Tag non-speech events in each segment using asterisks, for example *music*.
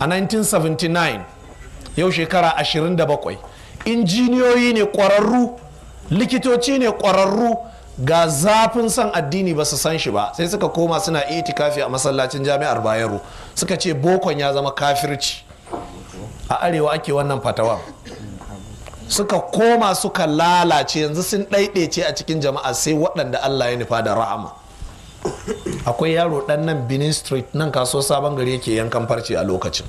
a 1979 yau shekara 27 injiniyoyi ne kwararru, likitoci ne kwararru, ga zafin san addini ba su san shi ba sai suka koma suna itikafi a masallacin jami'ar bayero suka ce bokon ya zama kafirci a arewa ake wannan fatawa suka koma suka lalace yanzu sun ɗaiɗaice a cikin jama'a sai waɗanda allah ya nufa da rahama akwai yaro dan nan benin street nan kaso sabon gari yake yankan farce a lokacin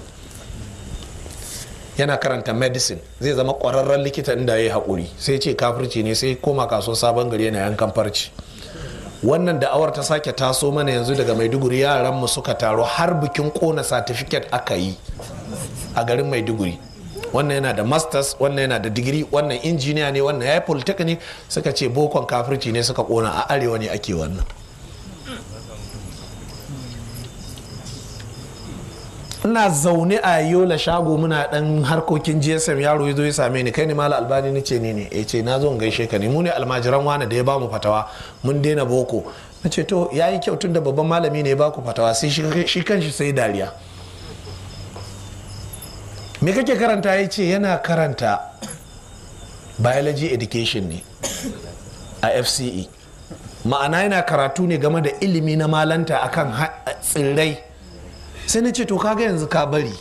yana karanta medicine zai zama kwararren likita inda ya yi haƙuri sai ce kafirci ne sai koma kaso sabon gari yana yankan farce wannan da awar ta sake taso mana yanzu daga maiduguri yaran mu suka taro har bikin kona satifiket aka yi a garin maiduguri wannan yana da masters wannan yana da digiri wannan injiniya ne wannan ya yi ne suka ce bokon kafirci ne suka kona a arewa ne ake wannan ina zaune a yola shago muna dan harkokin gsm yaro ya zo ya same ni kai ne mala albani ni ce ni ne ya ce na zo in gaishe ka ne mu ne almajiran wani da ya bamu fatawa mun daina boko na ce to ya yi kyau tunda babban malami ne ya baku fatawa sai shi kanshi sai dariya me kake karanta ya ce yana karanta biology education ne a fce ma'ana yana karatu ne game da ilimi na malanta akan tsirrai sai na ce to kaga yanzu ka bari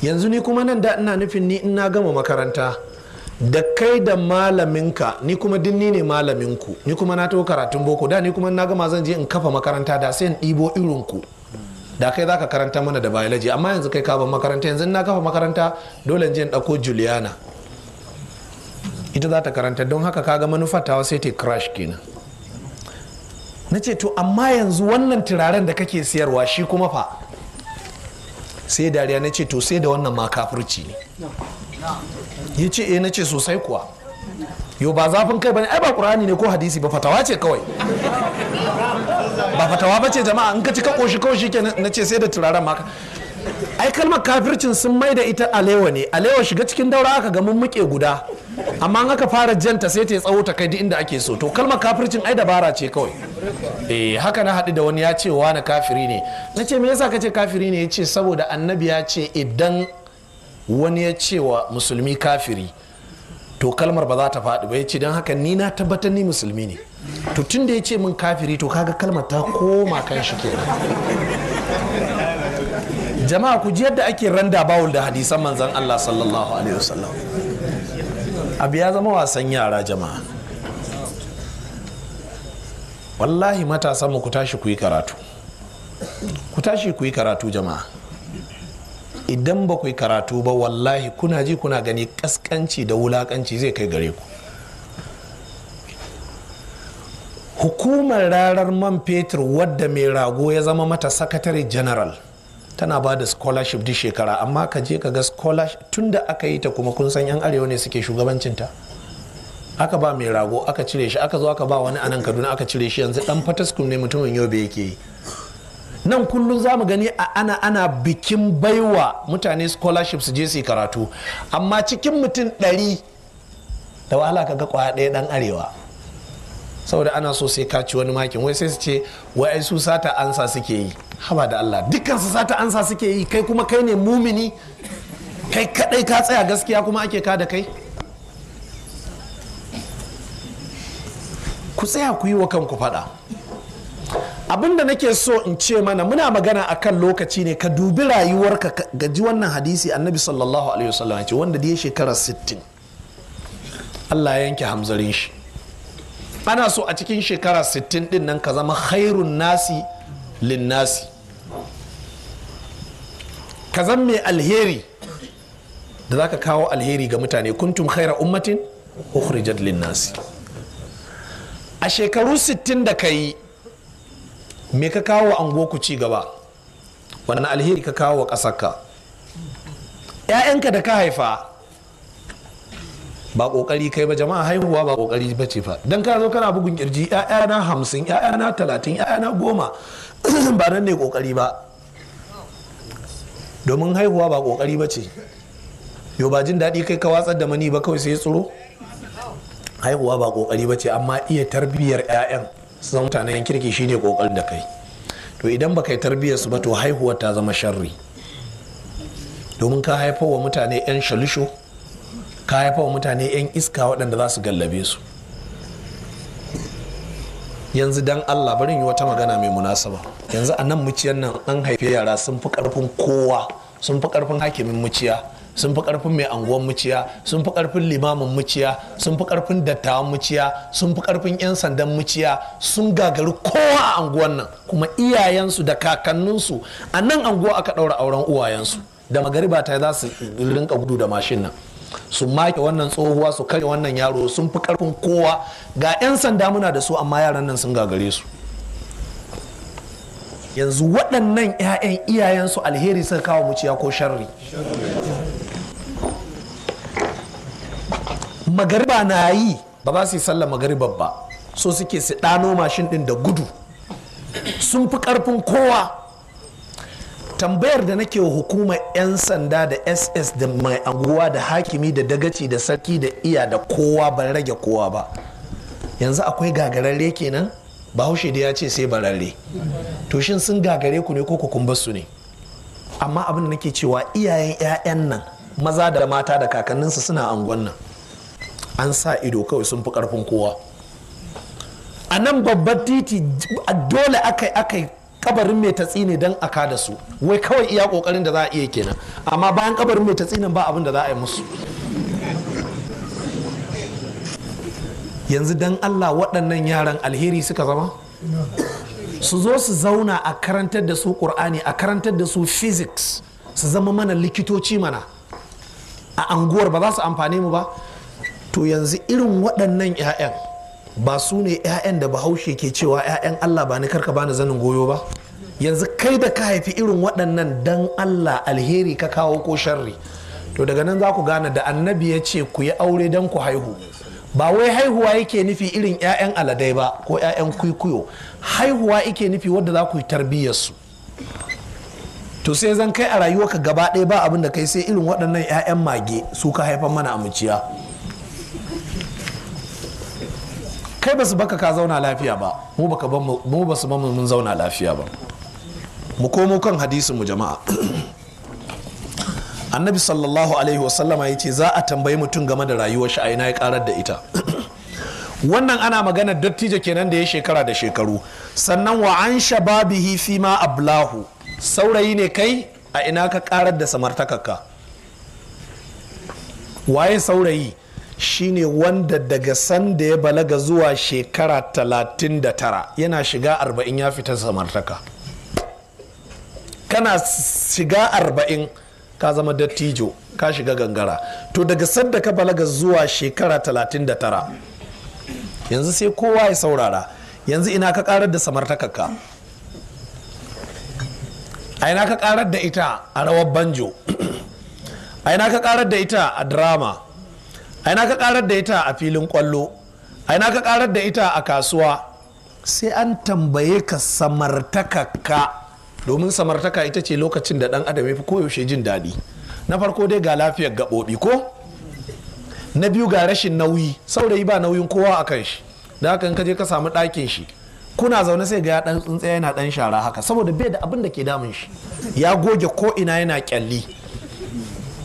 yanzu ni kuma nan da ina nufin ni ina gama makaranta da kai da malaminka ni kuma dinni ni ne malaminku ni kuma na taho karatun boko da ni kuma na gama zan je in kafa makaranta da sai in ɗibo irinku da kai za ka karanta mana da biology amma yanzu kai kaban makaranta yanzu na kafa makaranta dole in je in ɗauko juliana ita za ta karanta don haka kaga manufar tawa sai ta crash kenan na ce to amma yanzu wannan turaren da kake siyarwa shi kuma fa sai dariya na ce to sai da wannan ma kafirci ne ya ce eh na ce sosai kuwa yo ba zafin kai bane ai ba qur'ani ne ko hadisi ba fatawa ce kawai ba fatawa ba ce jama'a in ka ci ka koshi kawai shi na ce sai da turaren maka ai kalmar kafircin sun mai da ita alewa ne alewa shiga cikin daura aka ga mun muke guda amma an aka fara janta sai ta tsawo ta kai duk inda ake so to kalmar kafircin ai dabara ce kawai eh haka na haɗu da wani ya ce wa na kafiri ne na ce me yasa ka ce kafiri ne ya ce saboda annabi ya ce idan wani ya ce wa musulmi kafiri to kalmar ba za ta faɗi ba ya ce don haka ni na tabbatar ni musulmi ne to tun da ya ce min kafiri to kaga kalmar ta koma kan shi kenan jama'a ku ji yadda ake randa bawul da hadisan manzan Allah sallallahu alaihi wasallam abu ya zama wasan yara jama'a wallahi matasa mu ku tashi ku yi karatu ku tashi ku yi karatu jama'a idan ba ku yi karatu ba wallahi kuna ji kuna gani kaskanci da wulakanci zai kai gare ku hukumar rarar man fetur wadda mai rago ya zama mata sakatare general tana ba da scholarship duk shekara amma ka je ka ga scholarship tun da aka yi ta kuma kun san yan arewa ne suke shugabancinta aka ba mai rago aka cire shi aka zo aka ba wani anan kaduna aka cire shi yanzu dan fataskum ne mutumin yobe yake yi nan kullum za mu gani a ana ana bikin baiwa mutane scholarship su je su karatu amma cikin mutum ɗari da wahala ka ga kwaya ɗaya dan arewa saboda ana so sai ka ci wani makin wai sai su ce wai su sata ansa suke yi haba da Allah dukkansu sata ansa suke yi kai kuma kai ne mumini kai kadai ka tsaya gaskiya kuma ake ka da kai ku tsaya ku yi wa kanku fada abinda nake so in ce mana muna magana akan lokaci ne ka dubi rayuwarka ka ji wannan hadisi annabi sallallahu alaihi wasallam ya ce wanda da ya shekara 60 Allah ya yanke hamzarin shi ana so a cikin shekara 60 din nan ka zama khairun nasi linnasi Kazan zan mai alheri da za ka kawo alheri ga mutane kuntum khaira ummatin ukhrijat linnasi a shekaru 60 da ka me ka kawo wa ku ci gaba wannan alheri ka kawo wa ka? 'ya'yanka da ka haifa ba kokari kai ba jama'a haihuwa ba kokari ba ce fa dan ka zo kana bugun kirji 'ya'yana hamsin 'ya'yana talatin 'ya'yana goma *clears throat* ba nan ne kokari ba domin haihuwa ba kokari ba ce yau ba jin daɗi kai ka watsar da mani ba kawai sai tsoro haihuwa ba kokari ba ce amma iya tarbiyyar 'ya'yan su zama mutanen kirki shine kokarin da kai to idan baka yi tarbiyyar su ba to haihuwa ta zama sharri domin ka haifar wa mutane 'yan shalisho ka haifar wa mutane 'yan iska waɗanda za su gallabe su yanzu dan Allah barin yi wata magana mai munasaba yanzu a nan muciyan nan an haife yara sun fi karfin kowa sun fi karfin hakimin muciya sun fi karfin mai anguwan muciya sun fi karfin limamin muciya sun fi karfin dattawan muciya sun fi karfin yan sandan muciya sun gagari kowa a anguwan nan kuma iyayensu da kakanninsu a nan anguwa aka ɗaura auren uwayensu da magariba ta za su rinka gudu da mashin nan su make wannan tsohuwa su karya wannan yaro sun fi karfin kowa ga 'yan sanda muna da su amma yaran nan sun gagare su yanzu waɗannan 'ya'yan iyayensu alheri suka kawo muciya ko sharri magariba na yi ba ba su yi sallah magariba ba so suke su ɗano mashin ɗin da gudu sun fi karfin kowa tambayar da nake wa hukumar 'yan sanda da ss da mai anguwa da hakimi da dagaci da sarki da iya da kowa ban rage kowa ba yanzu akwai gagararre kenan bahaushe da ya ce sai bararre to shin sun gagare ku ne ko ku su ne amma abin da nake cewa iyayen 'ya'yan nan maza da mata da kakanninsu suna angon nan an sa ido kawai sun fi karfin kowa a nan babbar titi dole aka kabarin mai tatsi ne don a kada su wai kawai iya kokarin da za a iya kenan amma bayan kabarin mai tatsi ba abin da za a yi musu yanzu don allah waɗannan yaran alheri suka zama su zo su zauna a karantar da su ƙur'ani a karantar da su physics su zama mana likitoci mana a anguwar ba za su amfani mu ba to yanzu irin waɗannan 'ya'yan ba su ne 'ya'yan da bahaushe ke cewa 'ya'yan allah ba ni karka bani zanin goyo ba yanzu kai da ka haifi irin waɗannan dan allah alheri ka kawo ko sharri to daga nan za ku gane da annabi ya ce ku yi aure dan ku haihu ba wai haihuwa yake nufi irin 'ya'yan aladai ba ko 'ya'yan kwikwiyo haihuwa yake nufi wadda za ku yi tarbiyyarsu to sai zan kai a ka gaba ɗaya ba abin da kai sai irin waɗannan 'ya'yan mage su ka haifan mana amuciya kai basu baka ka zauna lafiya ba mu baka mu basu ban mun zauna lafiya ba mu komo kan hadisin mu jama'a *clears throat* annabi sallallahu alaihi wasallama ya ce za a tambayi mutum game da rayuwar shi a ya karar da ita *clears throat* wannan ana magana dattijo kenan da ya shekara da shekaru sannan wa an shababihi fi ma ablahu saurayi ne kai a ina ka karar da samartakarka waye saurayi shine wanda daga sanda ya balaga zuwa shekara 39 yana shiga 40 ya fita samartaka kana shiga 40 ka zama dattijo ka shiga gangara to daga sanda ka balaga zuwa shekara 39 yanzu sai kowa ya saurara yanzu ina ka karar da samartakaka a ina ka karar da ita a rawar banjo a ina ka karar da ita a drama aina ka karar da ita a filin kwallo aina ka karar da ita a kasuwa sai an tambaye ka samartaka ka. domin samartaka ita ce lokacin da dan adam ya fi koyaushe jin daɗi na farko dai ga lafiyar gaɓoɓi ko na biyu ga rashin nauyi saurayi ba nauyin kowa a kan shi da haka in ka je ka samu ɗakin shi kuna zaune sai ga ya ɗan tsuntsa yana ɗan shara haka saboda bai da abin da ke damun shi ya goge ko ina yana kyalli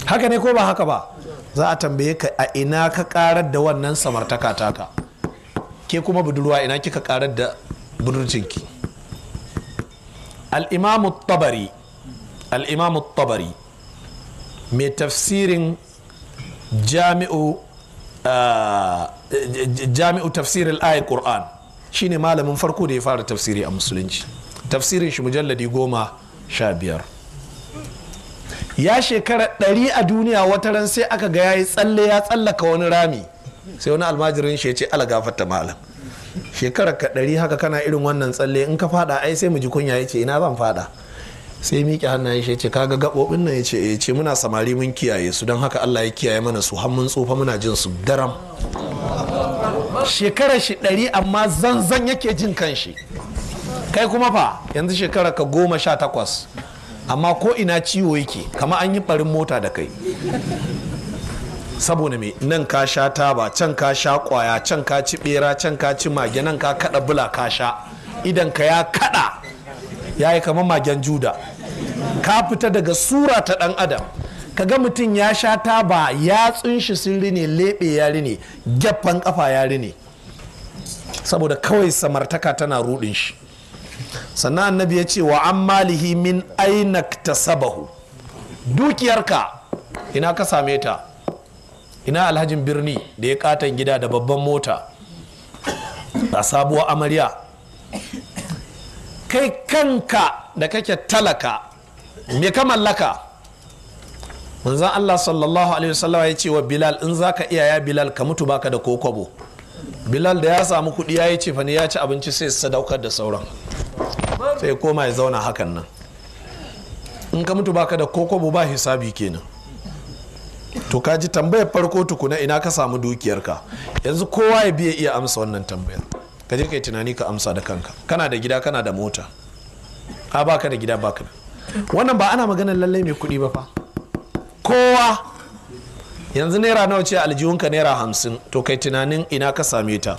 haka ne ko ba haka ba za a tambaye ka a ina ka karar da wannan samartaka taka ke kuma budurwa ina kika karar da budurcinki al'imamu tabari al'imamu tabari mai tafsirin jami'u ah, jami'u tafsir qur'an shine malamin farko da ya fara tafsiri a musulunci tafsirin shi mujalladi goma sha biyar ya shekara ɗari a duniya wata ran sai aka ga yayi tsalle ya tsallaka wani rami sai wani almajirin shi ya ce ala ta malam shekara ka ɗari haka kana irin wannan tsalle in ka fada ai sai mu ji kunya ya ce ina zan fada sai miƙe hannayen shi ya ce kaga gaɓoɓin nan ya ce eh, ya ce muna samari mun kiyaye su don haka Allah ya kiyaye mana su har mun tsufa muna jin su daram shekarar shi ɗari amma zanzan yake jin kanshi kai kuma fa yanzu shekarar ka goma sha takwas amma ko ina ciwo yake kama an yi farin mota da kai saboda me nan ka sha taba can ka sha kwaya can ka ci bera can ka ci mage nan ka kada bula ka sha idan ka ya kada ya yi kamar magen juda ka fita daga sura ta dan adam kaga mutum ya sha taba ya tsunshi sun ne lebe ya ne gyaffan kafa ya rine saboda kawai samartaka tana rudin shi sannan annabi ya ce wa an malihi min ta tasabahu dukiyarka ina ka same ta ina alhajin birni da ya katon gida da babban mota a sabuwar amarya kai kanka da kake talaka me ka mallaka manzan allah sallallahu alaihi wasallam ya ce wa bilal in zaka iya ya bilal ka mutu baka da kokobo bilal da ya samu kuɗi ya yi cefane ya ci abinci sai sadaukar da sauran sai koma ya zauna hakan nan in ka mutu baka da kokobo ba hisabi kenan to ka ji tambayar farko tukuna ina ka samu dukiyarka yanzu kowa ya biya iya amsa wannan tambayar ka je kai tunani ka amsa da kanka kana da gida kana da mota a baka da gida baka wannan ba ana maganar lallai mai kuɗi ba fa kowa yanzu naira nawa ce aljihunka naira hamsin to kai tunanin ina ka same ta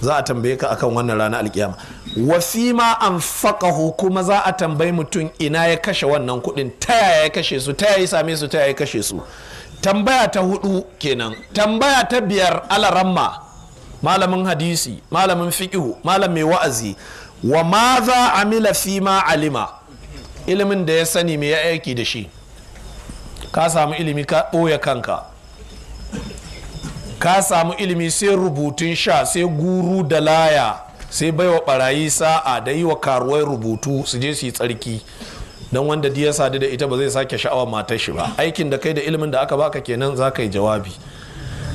za a tambaye ka akan wannan rana alkiyama wa fi ma an faƙahu kuma za a tambayi mutum ina ya kashe wannan kuɗin ta yaya ya kashe su ta yaya ya same su ta yaya ya kashe su tambaya ta hudu kenan tambaya ta biyar alaramma malamin hadisi malamin fiƙihu malam mai wa'azi wa ma za a mila fi ma alima ilimin da ya sani me ya aiki da shi ka samu ilimi ka ɓoye kanka ka samu ilimi sai rubutun sha sai guru da laya sai bai wa barayi sa'a da yi wa karuwai rubutu su je su yi tsarki don wanda ya sadu da ita ba zai sake sha'awar matar shi ba aikin da kai da ilimin da aka baka kenan za ka yi jawabi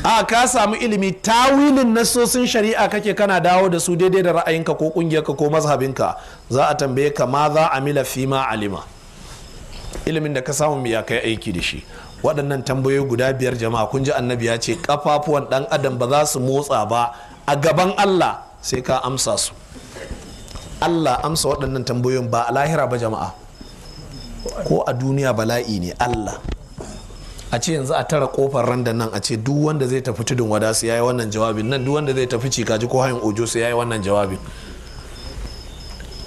a ka samu ilimi tawilin nasosin shari'a kake kana dawo da su daidai da ra'ayinka ko kungiyarka ko mazhabinka za a tambaye ka ma za a mila fima alima ilimin da ka samu ya kai aiki da shi waɗannan tambayoyi guda biyar jama'a kun ji annabi ya ce kafafuwan ɗan adam ba za su motsa ba a gaban allah sai ka amsa su allah amsa waɗannan tambayoyin ba a lahira ba jama'a ko a duniya bala'i ne allah a ce yanzu a tara kofar randa nan a ce duk wanda zai tafi tudun wada su yayi wannan jawabin nan duk wanda zai tafi cikaji ko hayin ojo su yayi wannan jawabin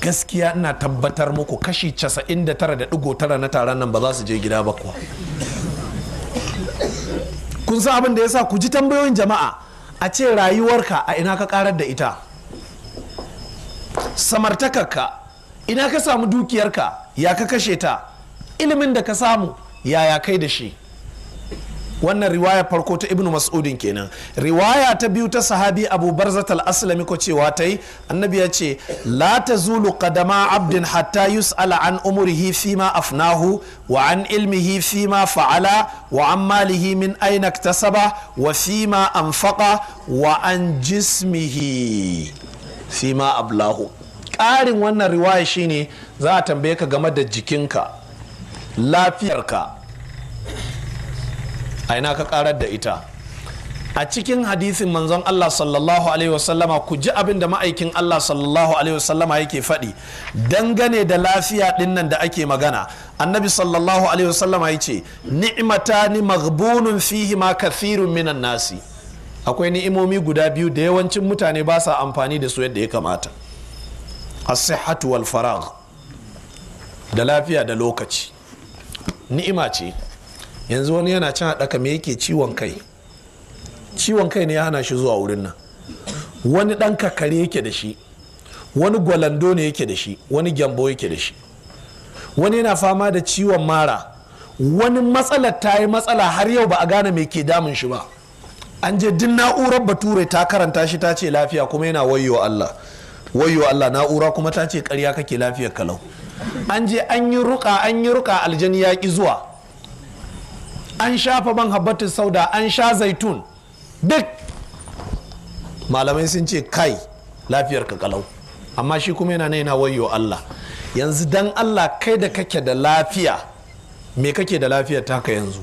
gaskiya ina tabbatar muku kashi 99.9 na taron nan ba za su je gida ba kuwa kun san abin da ya sa ku ji tambayoyin jama'a a ce rayuwarka a ina ka karar da ita samartakarka ina ka samu dukiyarka ya ka kashe ta ilimin da ka samu yaya kai da shi wannan riwaya farko ta ibnu mas'udin kenan riwaya ta biyu ta sahabi abu barzat al-aslami ko cewa ta yi annabi ya ce la ta zulu kadama abdin hatta yus'ala an umurihi ma afnahu wa an ilmihi ma fa'ala wa an malihi min aina tasaba wa fima anfaqa wa an jismihi ma ablahu ƙarin wannan riwaya shine za a tambaye ka game da jikinka lafiyarka a ina ka karar da ita a cikin hadisin manzon Allah sallallahu alaihi wasallama ku ji abin da ma'aikin Allah sallallahu alaihi wasallama yake faɗi dangane da lafiya dinnan da ake magana annabi sallallahu alaihi wasallama ya ce ni'matani maghbunun fihi ma kathirun minan nasi akwai ni'imomi guda biyu da yawancin mutane ba sa amfani da su yadda ya kamata as-sihhatu wal faragh da lafiya da lokaci ni'ima ce yanzu wani yana cin haɗaka me yake ciwon kai ciwon kai ne ya hana shi zuwa wurin nan wani ɗan kakare yake da shi wani gwalando ne yake da shi wani gyambo yake da shi wani yana fama da ciwon mara wani matsalar ta yi matsala har yau ba a gane me ke damun shi ba an je din na'urar bature ta karanta shi ta ce lafiya kuma yana wayo Allah wayo Allah na'ura kuma ta ce karya kake lafiyar kalau an je an yi ruka an yi ruka aljani ya ki zuwa an shafa man habbatin sauda an sha zaitun duk malamai sun ce kai lafiyar ka kalau amma shi kuma yana yana wayo Allah yanzu dan Allah kai da kake da lafiya me kake da lafiyar taka yanzu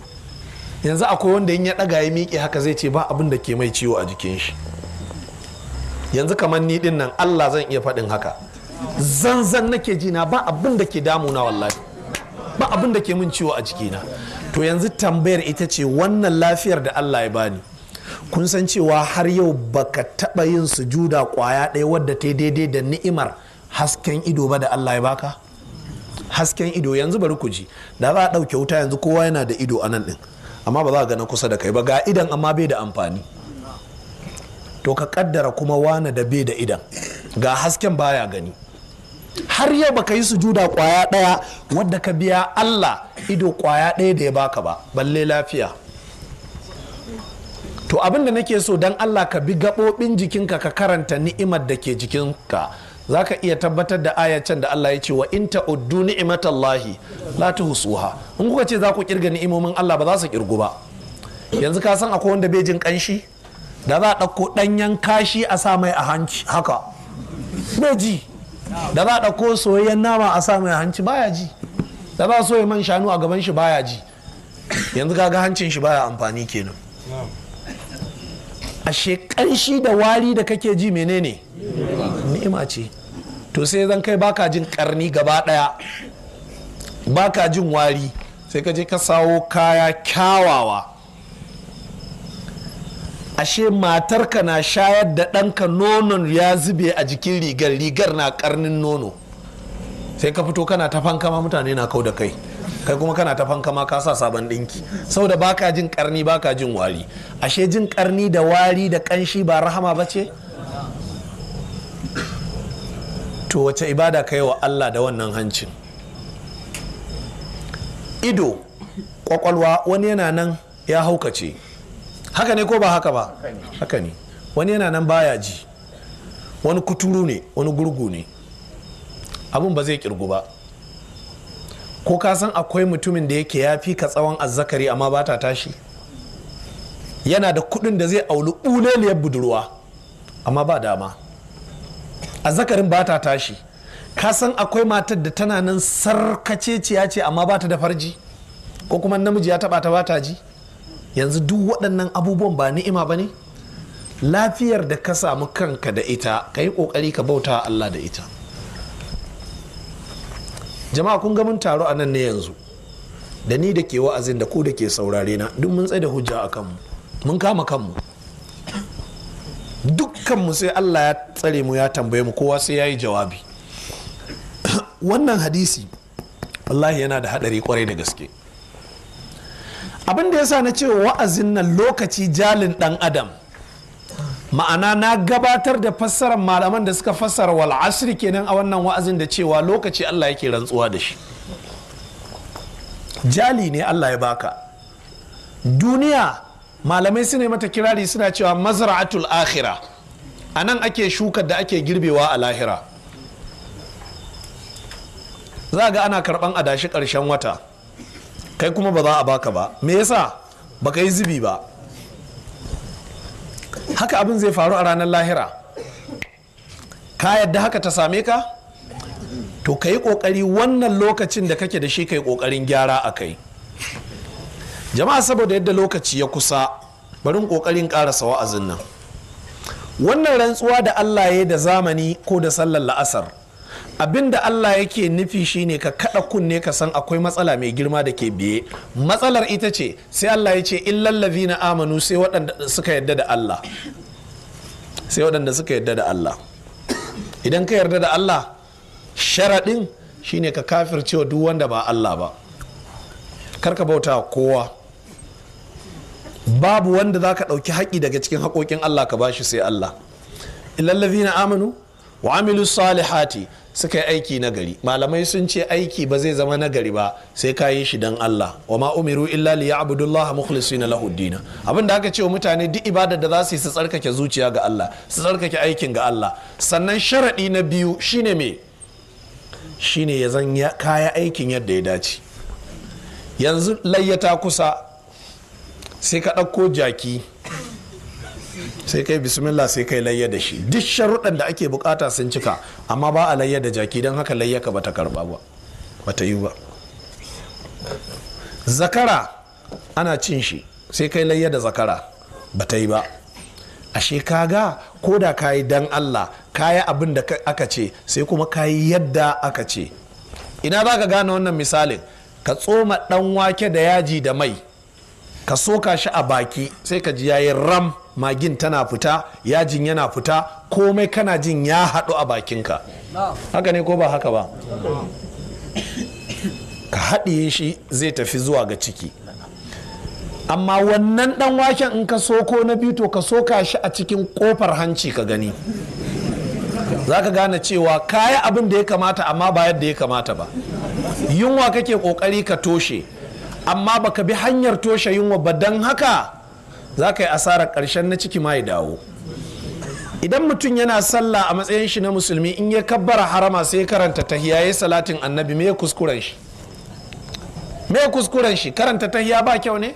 yanzu akwai wanda in ya daga ya miƙe haka zai ce ba abin da ke mai ciwo a jikin shi yanzu kamar ni din nan Allah zan iya faɗin haka zanzan nake jina ba abin da ke damuna wallahi ba abin da ke min ciwo a jikina to yanzu tambayar ita ce wannan lafiyar da allah ya bani kun san cewa har yau baka taba yin sujuda kwaya ɗaya wadda ta daidai da ni'imar hasken ido ba da allah ya baka hasken ido yanzu bari ku ji da za a ɗauke wuta yanzu kowa yana da ido a nan ɗin amma ba za a gana kusa da kai ba ga idan amma bai da amfani to ka kaddara kuma wane da bai da idan ga hasken baya gani har yau baka yi sujuda kwaya ɗaya wadda ka biya allah ido kwaya ɗaya da ya baka ba balle lafiya to abin da nake so don allah ka bi gaɓoɓin jikinka ka karanta ni'imar da ke jikinka za ka iya tabbatar da ayacin da allah ya ce wa in ta'uddu ni'imatallahi la tuhsuha in kuka ce za ku kirga ni'imomin allah ba za su kirgu ba yanzu ka san akwai wanda bai jin kanshi da za a ɗauko ɗanyen kashi a sa mai a hanci haka bai ji da za a ɗauko soyayyen nama a sa mai a hanci baya ji da ba so ya man shanu a gaban shi baya ji yanzu kaga hancin shi baya amfani kenan ashe ƙanshi da wari da kake ji menene ni'ima ce to sai zan kai baka jin karni gaba daya baka jin wari sai ka je ka sawo kaya kyawawa ashe matarka na shayar da ɗanka nonon ya zube a jikin rigar rigar na karnin nono sai ka fito kana ta fankama mutane na kau da kai kai kuma kana ta fankama ka sa sabon dinki saboda baka jin karni baka jin wari ashe jin karni da wari da kanshi ba rahama ba ce to wace ibada ka yi wa Allah da wannan hancin ido kwakwalwa wani yana nan ya haukace haka ne ko ba haka ba haka ne wani yana nan baya ji wani kuturu ne wani gurgu ne abun ba zai kirgu ba ko ka san akwai mutumin da yake ya fi ka tsawon azzakari amma ba ta tashi yana da kudin da zai auli ɓuleliyar budurwa amma ba dama azzakarin ba ta tashi ka san akwai matar da tana nan sarkaceciya ce amma ba ta da farji ko kuma namiji ya taba ta ba ta ji yanzu duk waɗannan abubuwan ba ni'ima ba ne lafiyar da ka samu kanka da ita ka yi ƙoƙari ka bauta Allah da ita jama'a kun ga mun taro a nan ne yanzu da ni da ke wa'azin da ku da ke saurare na duk mun tsaye da hujja a kanmu mun kama kanmu dukkanmu sai allah ya tsare mu ya tambaye mu kowa sai ya yi jawabi *coughs* wannan hadisi wallahi yana da hadari kwarai da gaske abin da ya sa na ce wa'azin nan lokaci jalin dan adam ma'ana na gabatar da fassarar malaman da suka fassara wal asri kenan a wannan wa'azin da cewa lokaci Allah yake rantsuwa da shi jali ne Allah ya baka duniya malamai su mata kirari suna cewa mazra'atul akhira anan ake shukar da ake girbewa a lahira za ga ana karban adashi karshen wata kai kuma ba za a baka ba me yasa baka yi zubi ba haka abin zai faru a ranar lahira ka yadda haka ta same ka to ka yi kokari wannan lokacin da kake da shi ka yi kokarin gyara a kai jama'a saboda yadda lokaci ya kusa barin kokarin karasa wa'azin nan wannan rantsuwa da allah ya da zamani ko da sallar la'asar Abin da Allah yake nufi shine ka kada kunne ka san akwai matsala mai girma da ke biye matsalar ita ce sai Allah ya ce illallazi na amanu sai waɗanda suka yarda da Allah sai waɗanda suka yarda da Allah idan ka yarda da Allah sharaɗin shine ka kafircewa duk wanda ba Allah ba Kar ka bauta kowa babu wanda za ka ɗauki haƙi daga cikin haƙoƙin Allah ka bashi sai Allah illallazi na amanu wa amilu salihati suka yi aiki nagari malamai sun ce aiki ba zai zama nagari ba sai ka yi shi don Allah wa ma umiru illa li ya'budullaha mukhlisina lahu dina abin da aka ce wa mutane duk ibada da za su yi su tsarkake zuciya ga Allah su tsarkake aikin ga Allah sannan sharaɗi na biyu shine me shine ya zan kaya aikin yadda ya dace yanzu layyata kusa sai ka ɗauko jaki sai kai bismillah sai kai layya da shi duk sharuɗan da ake bukata sun cika amma ba a layya da jaki don haka layya ka bata karba ba bata yi ba zakara ana cin shi sai kai layya da zakara bata yi ba ashe kaga ko da kayi dan Allah kayi abin da aka ce sai kuma kayi yadda aka ce ina za ka gane wannan misalin ka tsoma dan wake da yaji da mai ka soka shi a baki sai ka ji yayin ram magin tana fita yajin yana fita komai kana jin ya haɗu a bakinka haka ne ko ba haka ba ka haɗiye shi zai tafi zuwa ga ciki amma wannan ɗan waken in ka so ko na biyu to ka soka shi a cikin ƙofar hanci ka gani za ka gane cewa kayi abin da ya kamata amma ba yadda ya kamata ba yunwa kake ƙoƙari ka toshe amma baka bi hanyar toshe yunwa ba don haka za ka yi asarar ƙarshen na ciki ma ya dawo idan mutum yana sallah a matsayin shi na musulmi in ya kabbara harama sai ya karanta tahiya ya salatin annabi me kuskuren shi me kuskuren shi karanta tahiya ba kyau ne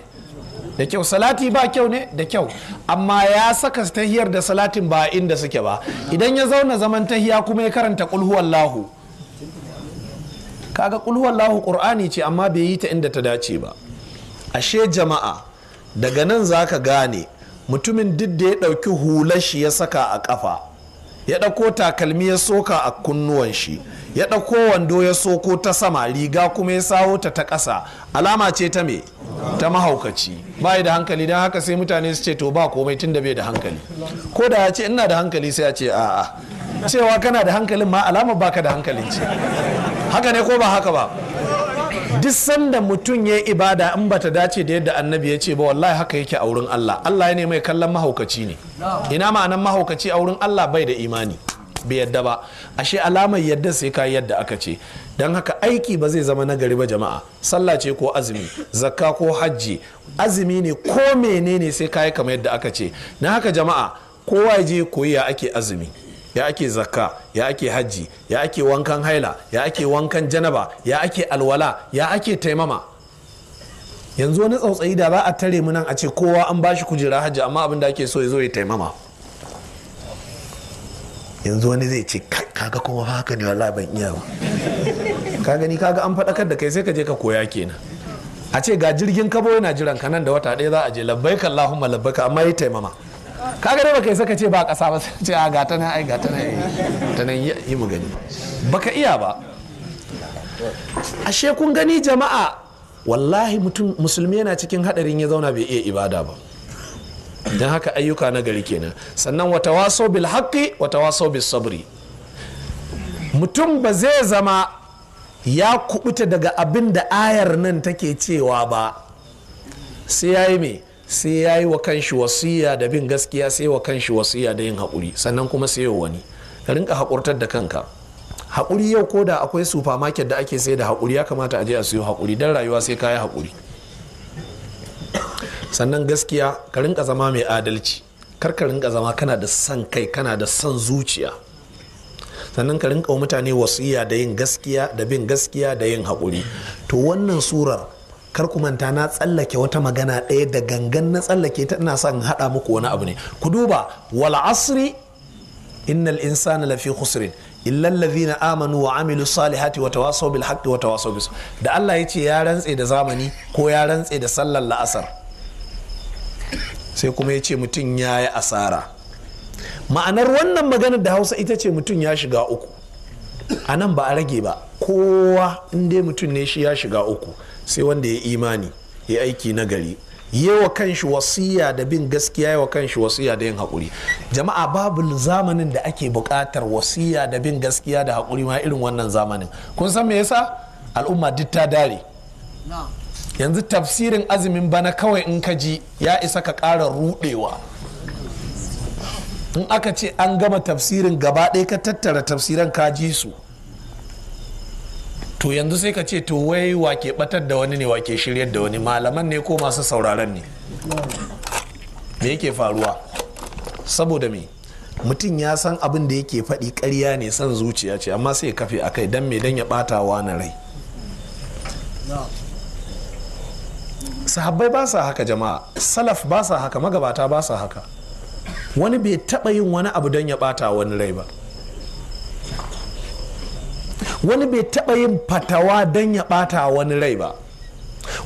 da kyau salati ba kyau ne da kyau amma ya saka tahiyar da salatin ba inda suke ba idan ya zauna zaman tahiya kuma ya karanta kulhuwallahu kaga Lahu qur'ani ce amma bai yi ta inda ta dace ba ashe jama'a daga nan za ka gane mutumin duk da ya ɗauki hular shi ya saka a ƙafa ya ɗauko takalmi ya soka a kunnuwan shi ya ɗauko wando ya soko ta sama riga kuma ya sawo ta ta ƙasa alama ce ta me ta mahaukaci ba da hankali don haka sai mutane su ce to ba komai tun da bai da hankali ko da ya ce ina da hankali sai ya ce a'a cewa kana da hankalin ma alama baka da hankalin ce haka ne ko ba haka ba duk sanda mutum ya ibada in bata dace da yadda annabi ya ce ba wallahi haka yake a wurin Allah Allah ya ne mai kallon mahaukaci ne ina ma'anan mahaukaci a wurin Allah bai da imani bai yadda ba ashe alamar yadda sai ka yadda aka ce don haka aiki ba zai zama nagari ba jama'a sallah ce ko azumi zakka ko hajji azumi ne ko menene sai ka yi kamar yadda aka ce na haka jama'a kowa ya je koyi ya ake azumi ya ake zakka ya ake hajji ya ake wankan haila ya ake wankan janaba ya ake alwala ya ake taimama yanzu wani tsautsayi da za a tare mu nan a ce kowa an ba shi kujera hajji amma abin da ake so ya zo ya taimama yanzu wani zai ce kaga kuma haka ne wallahi ban iya ba *laughs* ka gani kaga an faɗakar da kai sai ka je ka koya kenan a ce ga jirgin kabo yana jiran ka nan da wata ɗaya za a je labbaika allahumma labbaika amma ya taimama Ka kaga dai baka isa ka ce ba ƙasa ba sai ce a ah, gata na ai gata na ta nan eh. yi mu gani baka iya ba ashe kun gani jama'a wallahi mutum musulmi yana cikin hadarin ya zauna bai iya ibada ba don haka ayyuka na gari kenan sannan wata waso bil haqqi wata waso bil sabri mutum ba zai zama ya kubuta daga abin da ayar nan take cewa ba sai ya yi mai sai ya yi wa kanshi wasiya da bin gaskiya sai wa kanshi wasiya da yin haƙuri sannan kuma sai wani ka rinka haƙurtar da kanka haƙuri yau ko da akwai supermarket da ake sai da haƙuri ya kamata a je a siyo haƙuri don rayuwa sai ka yi haƙuri sannan gaskiya ka rinka zama mai adalci kar ka rinka zama kana da son kai kana da son zuciya sannan ka rinka mutane wasiya da yin gaskiya da bin gaskiya da yin haƙuri to wannan surar kar ku manta na tsallake wata magana ɗaya da gangan na tsallake ta ina son haɗa muku wani abu ne ku duba wal asri innal insana lafi khusrin illa allazina amanu wa amilu salihati wa tawasaw bil haqqi wa tawasaw bis da Allah ya ce ya rantse da zamani ko ya rantse da sallar la'asar sai kuma ya ce mutum ya yi asara ma'anar wannan maganar da hausa ita ce mutum ya shiga uku a nan ba a rage ba kowa in dai mutum ne shi ya shiga uku sai wanda ya imani ya aiki na gari yawa kanshi wasiya da bin gaskiya yawa kanshi wasiya da yin haƙuri jama'a babu zamanin da ake buƙatar wasiya da bin gaskiya da haƙuri ma irin wannan zamanin kun san me yasa al'umma duk ta dare yanzu tafsirin azumin bana kawai in ka ji ya isa ka ƙara ruɗewa in aka ce an gama tafsirin gaba ɗaya ka tattara tafsiran ka ji su to yanzu sai ka ce to wai wake batar da wani ne wake shiryar da wani malaman ne ko masu sauraron ne me yake faruwa saboda me mutum ya san abin da yake faɗi karya ne son zuciya ce amma sai kafe a kai don me don ya ɓata wa na rai sahabbai ba sa haka jama'a salaf ba sa haka magabata ba sa haka wani bai taɓa yin wani abu don ya ɓata wani rai ba wani bai taɓa yin fatawa don ya ɓata wani rai ba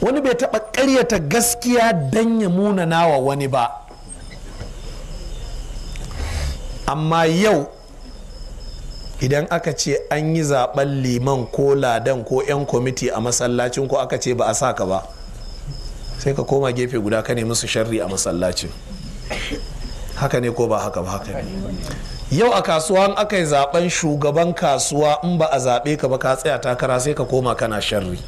wani bai taɓa karyata gaskiya don ya munana wa wani ba amma yau idan aka ce an yi zaben liman ko ladan ko 'yan kwamiti a masallacin ko aka ce ba a saka ba sai ka koma gefe guda ka nemi su sharri a masallacin haka ne ko ba haka ba haka ne yau a kasuwa in aka yi zaben shugaban kasuwa in ba a zaɓe ka ba ka tsaya takara sai ka koma kana sharri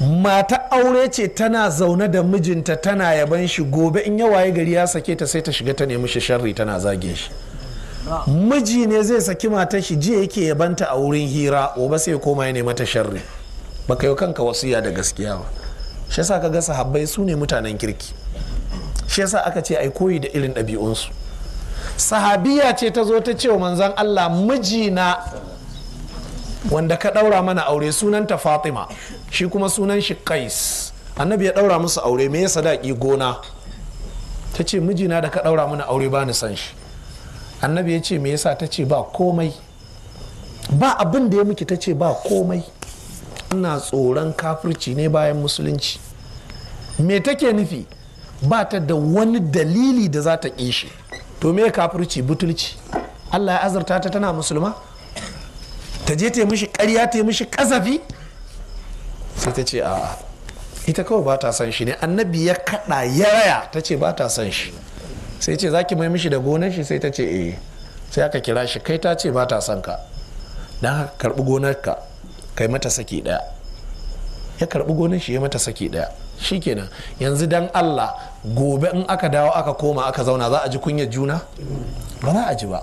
mata aure ce tana zaune da mijinta tana yaban shi gobe in yawaye gari ya sake ta sai ta shiga ta nemi shi sharri tana zage shi miji ne zai saki mata shi jiya yake yabanta a wurin hira oba sai koma ya nema ta sharri baka yi kanka wasu ya da gaskiya ba shi yasa ka ga sahabbai su ne mutanen kirki shi yasa aka ce ai koyi da irin ɗabi'unsu sahabiya ce ta zo ta ce wa manzan Allah mijina wanda ka ɗaura mana aure sunanta fatima shi kuma sunan shi kais annabi ya ɗaura musu aure me ya sadaki gona ta ce mijina da ka ɗaura mana aure ba ni san shi annabi ya ce me yasa ta ce ba komai ba abin da ya miki ta ce ba komai ina tsoron kafirci ne bayan musulunci me take nufi ba ta da wani dalili da za ta ƙi shi to me kafirci butulci Allah ya azurta ta tana musulma ta je ta mishi ƙarya ta mishi kasafi sai ta ce a'a ita kawai ba ta san shi ne annabi ya kaɗa ya raya ta ce ba ta san shi sai ce za ki mai mishi da gonar shi sai ta ce eh sai aka kira shi kai ta ce ba ta son ka don haka karɓi gonar ka kai mata saki ɗaya ya karɓi gonar shi ya mata saki ɗaya shikenan yanzu dan Allah gobe in aka dawo aka koma aka zauna za a ji kunyar juna ba za a ji ba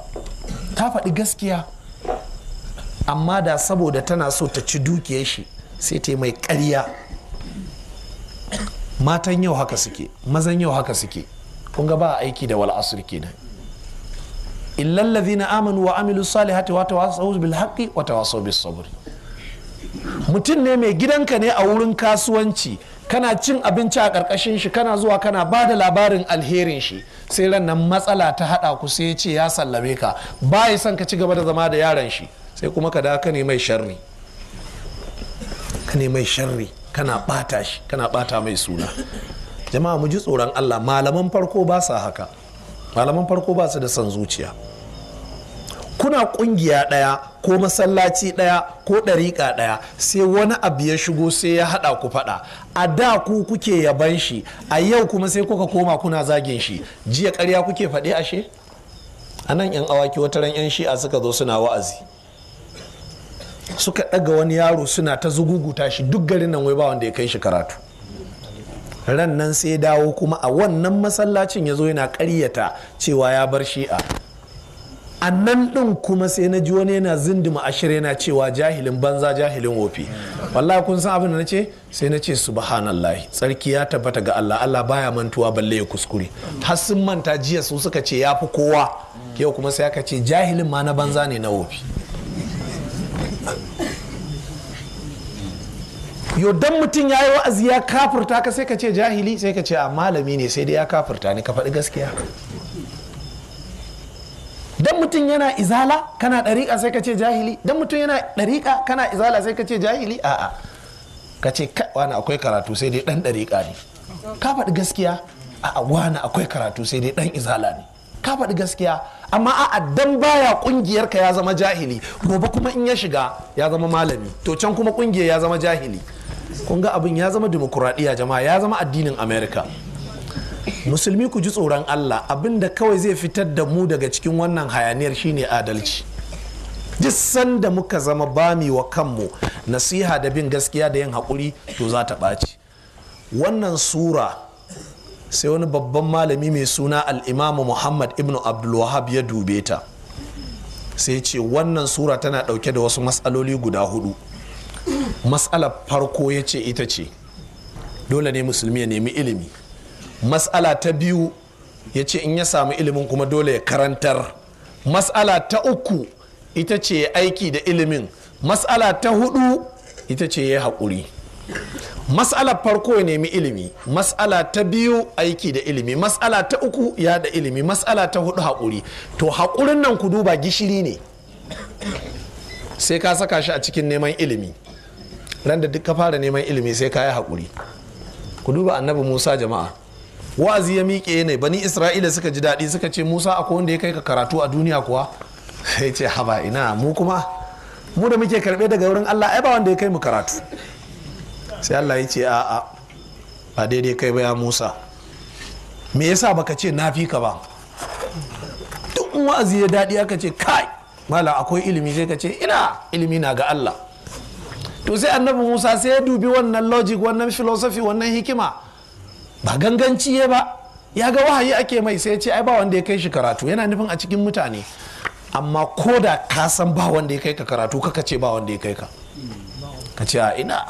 ta faɗi gaskiya amma da saboda tana so ta ci dukiyar shi sai ta yi mai ƙarya matan yau haka suke mazan yau haka suke kun ga ba aiki da wal'asur kenan illal ladhina amanu wa amilu salihati wa tawassaw bil haqqi wa bis mutum ne mai gidanka ne a wurin kasuwanci kana cin abinci a ƙarƙashin shi kana zuwa kana ba da labarin alherin shi sai ran matsala ta haɗa ku sai ya ce ya sallame ka ba ya son ka ci gaba da zama da yaron shi sai kuma ka da ka ne mai sharri kana ɓata mai suna jama'a mu ji tsoron allah malaman farko ba sa haka malaman farko ba su da son zuciya kuna kungiya ɗaya ko masallaci ɗaya ko ɗariƙa ɗaya sai wani abu ya shigo sai ya haɗa ku faɗa a da ku kuke yaban shi a yau kuma sai kuka koma kuna zagin shi jiya karya kuke faɗi ashe a nan 'yan awaki wata ran 'yan shi'a suka zo suna wa'azi suka ɗaga wani yaro suna ta zuguguta shi duk garin nan wai ba wanda ya kai shi karatu ran nan sai dawo kuma a wannan masallacin ya zo yana ƙaryata cewa ya bar shi'a a nan ɗin kuma sai na ji wani yana zindima ashirin na cewa jahilin banza jahilin wofi wallahi kun san abin da na ce sai na ce subhanallah tsarki ya tabbata ga Allah Allah baya mantuwa balle ya kuskure har sun manta jiya su suka ce ya fi kowa yau kuma sai aka ce jahilin ma na banza ne na wofi Yau dan mutum ya yi wa'azi ya kafurta ka sai ka ce jahili sai ka ce a malami ne sai dai ya kafurta. ne ka faɗi gaskiya dan mutum yana izala kana dariƙa sai ka ce jahili dan mutum yana dariƙa, kana izala sai ka ce jahili a'a ka ce wani akwai karatu sai dai dan dariƙa ne ka faɗi gaskiya a'a wani akwai karatu sai dai dan izala ne ka faɗi gaskiya amma a'a dan baya ƙungiyar ka ya zama jahili gobe kuma in ya shiga ya zama malami to can kuma ƙungiyar ya zama jahili kun ga abin ya zama dimokuraɗiyya jama'a ya zama addinin america musulmi ku ji tsoron Allah abinda kawai zai fitar da mu daga cikin wannan hayaniyar shine adalci duk sanda muka zama bami wa kanmu nasiha da bin gaskiya da yin haƙuri to za ta ɓaci wannan sura sai wani babban malami mai suna al'imamu muhammad ibn abdulwahab ya dube ta sai ce wannan sura tana ɗauke da wasu matsaloli guda hudu matsalar farko ya ce ita ce dole ne musulmi ya nemi ilimi matsala ta biyu ya ce in ya samu ilimin kuma dole ya karantar matsala ta uku ita ce ya aiki da ilimin matsala ta hudu ita ce ya haƙuri matsala farko ya nemi ilimi matsala ta biyu aiki da ilimi matsala ta uku ya da ilimi matsala ta hudu haƙuri to haƙurin nan ku duba gishiri ne sai ka saka shi a cikin neman ilimi ran da duk ka fara neman ilimi sai ka yi haƙuri ku duba annabi musa jama'a wa'azi ya miƙe ne bani isra'ila suka ji daɗi suka ce musa akwai wanda ya kai ka karatu a duniya kuwa sai *laughs* ce haba ina mu kuma mu da muke karɓe daga wurin allah ai ba wanda ya kai mu karatu sai allah ya ce a'a ba daidai kai ba ya musa me yasa baka ce na fi ka ba duk wa'azi ya daɗi aka ce kai mala akwai ilimi sai ka ce ina ilimi na ga allah to sai annabi musa sai ya dubi wannan logic wannan philosophy wannan hikima ba ganganci ya ba ya ga wahayi ake mai sai ya ce ai ba wanda ya kai shi karatu yana nufin a cikin mutane amma ko da ka san ba wanda ya kai ka karatu kaka ce ba wanda ya kai ka ka ce a ina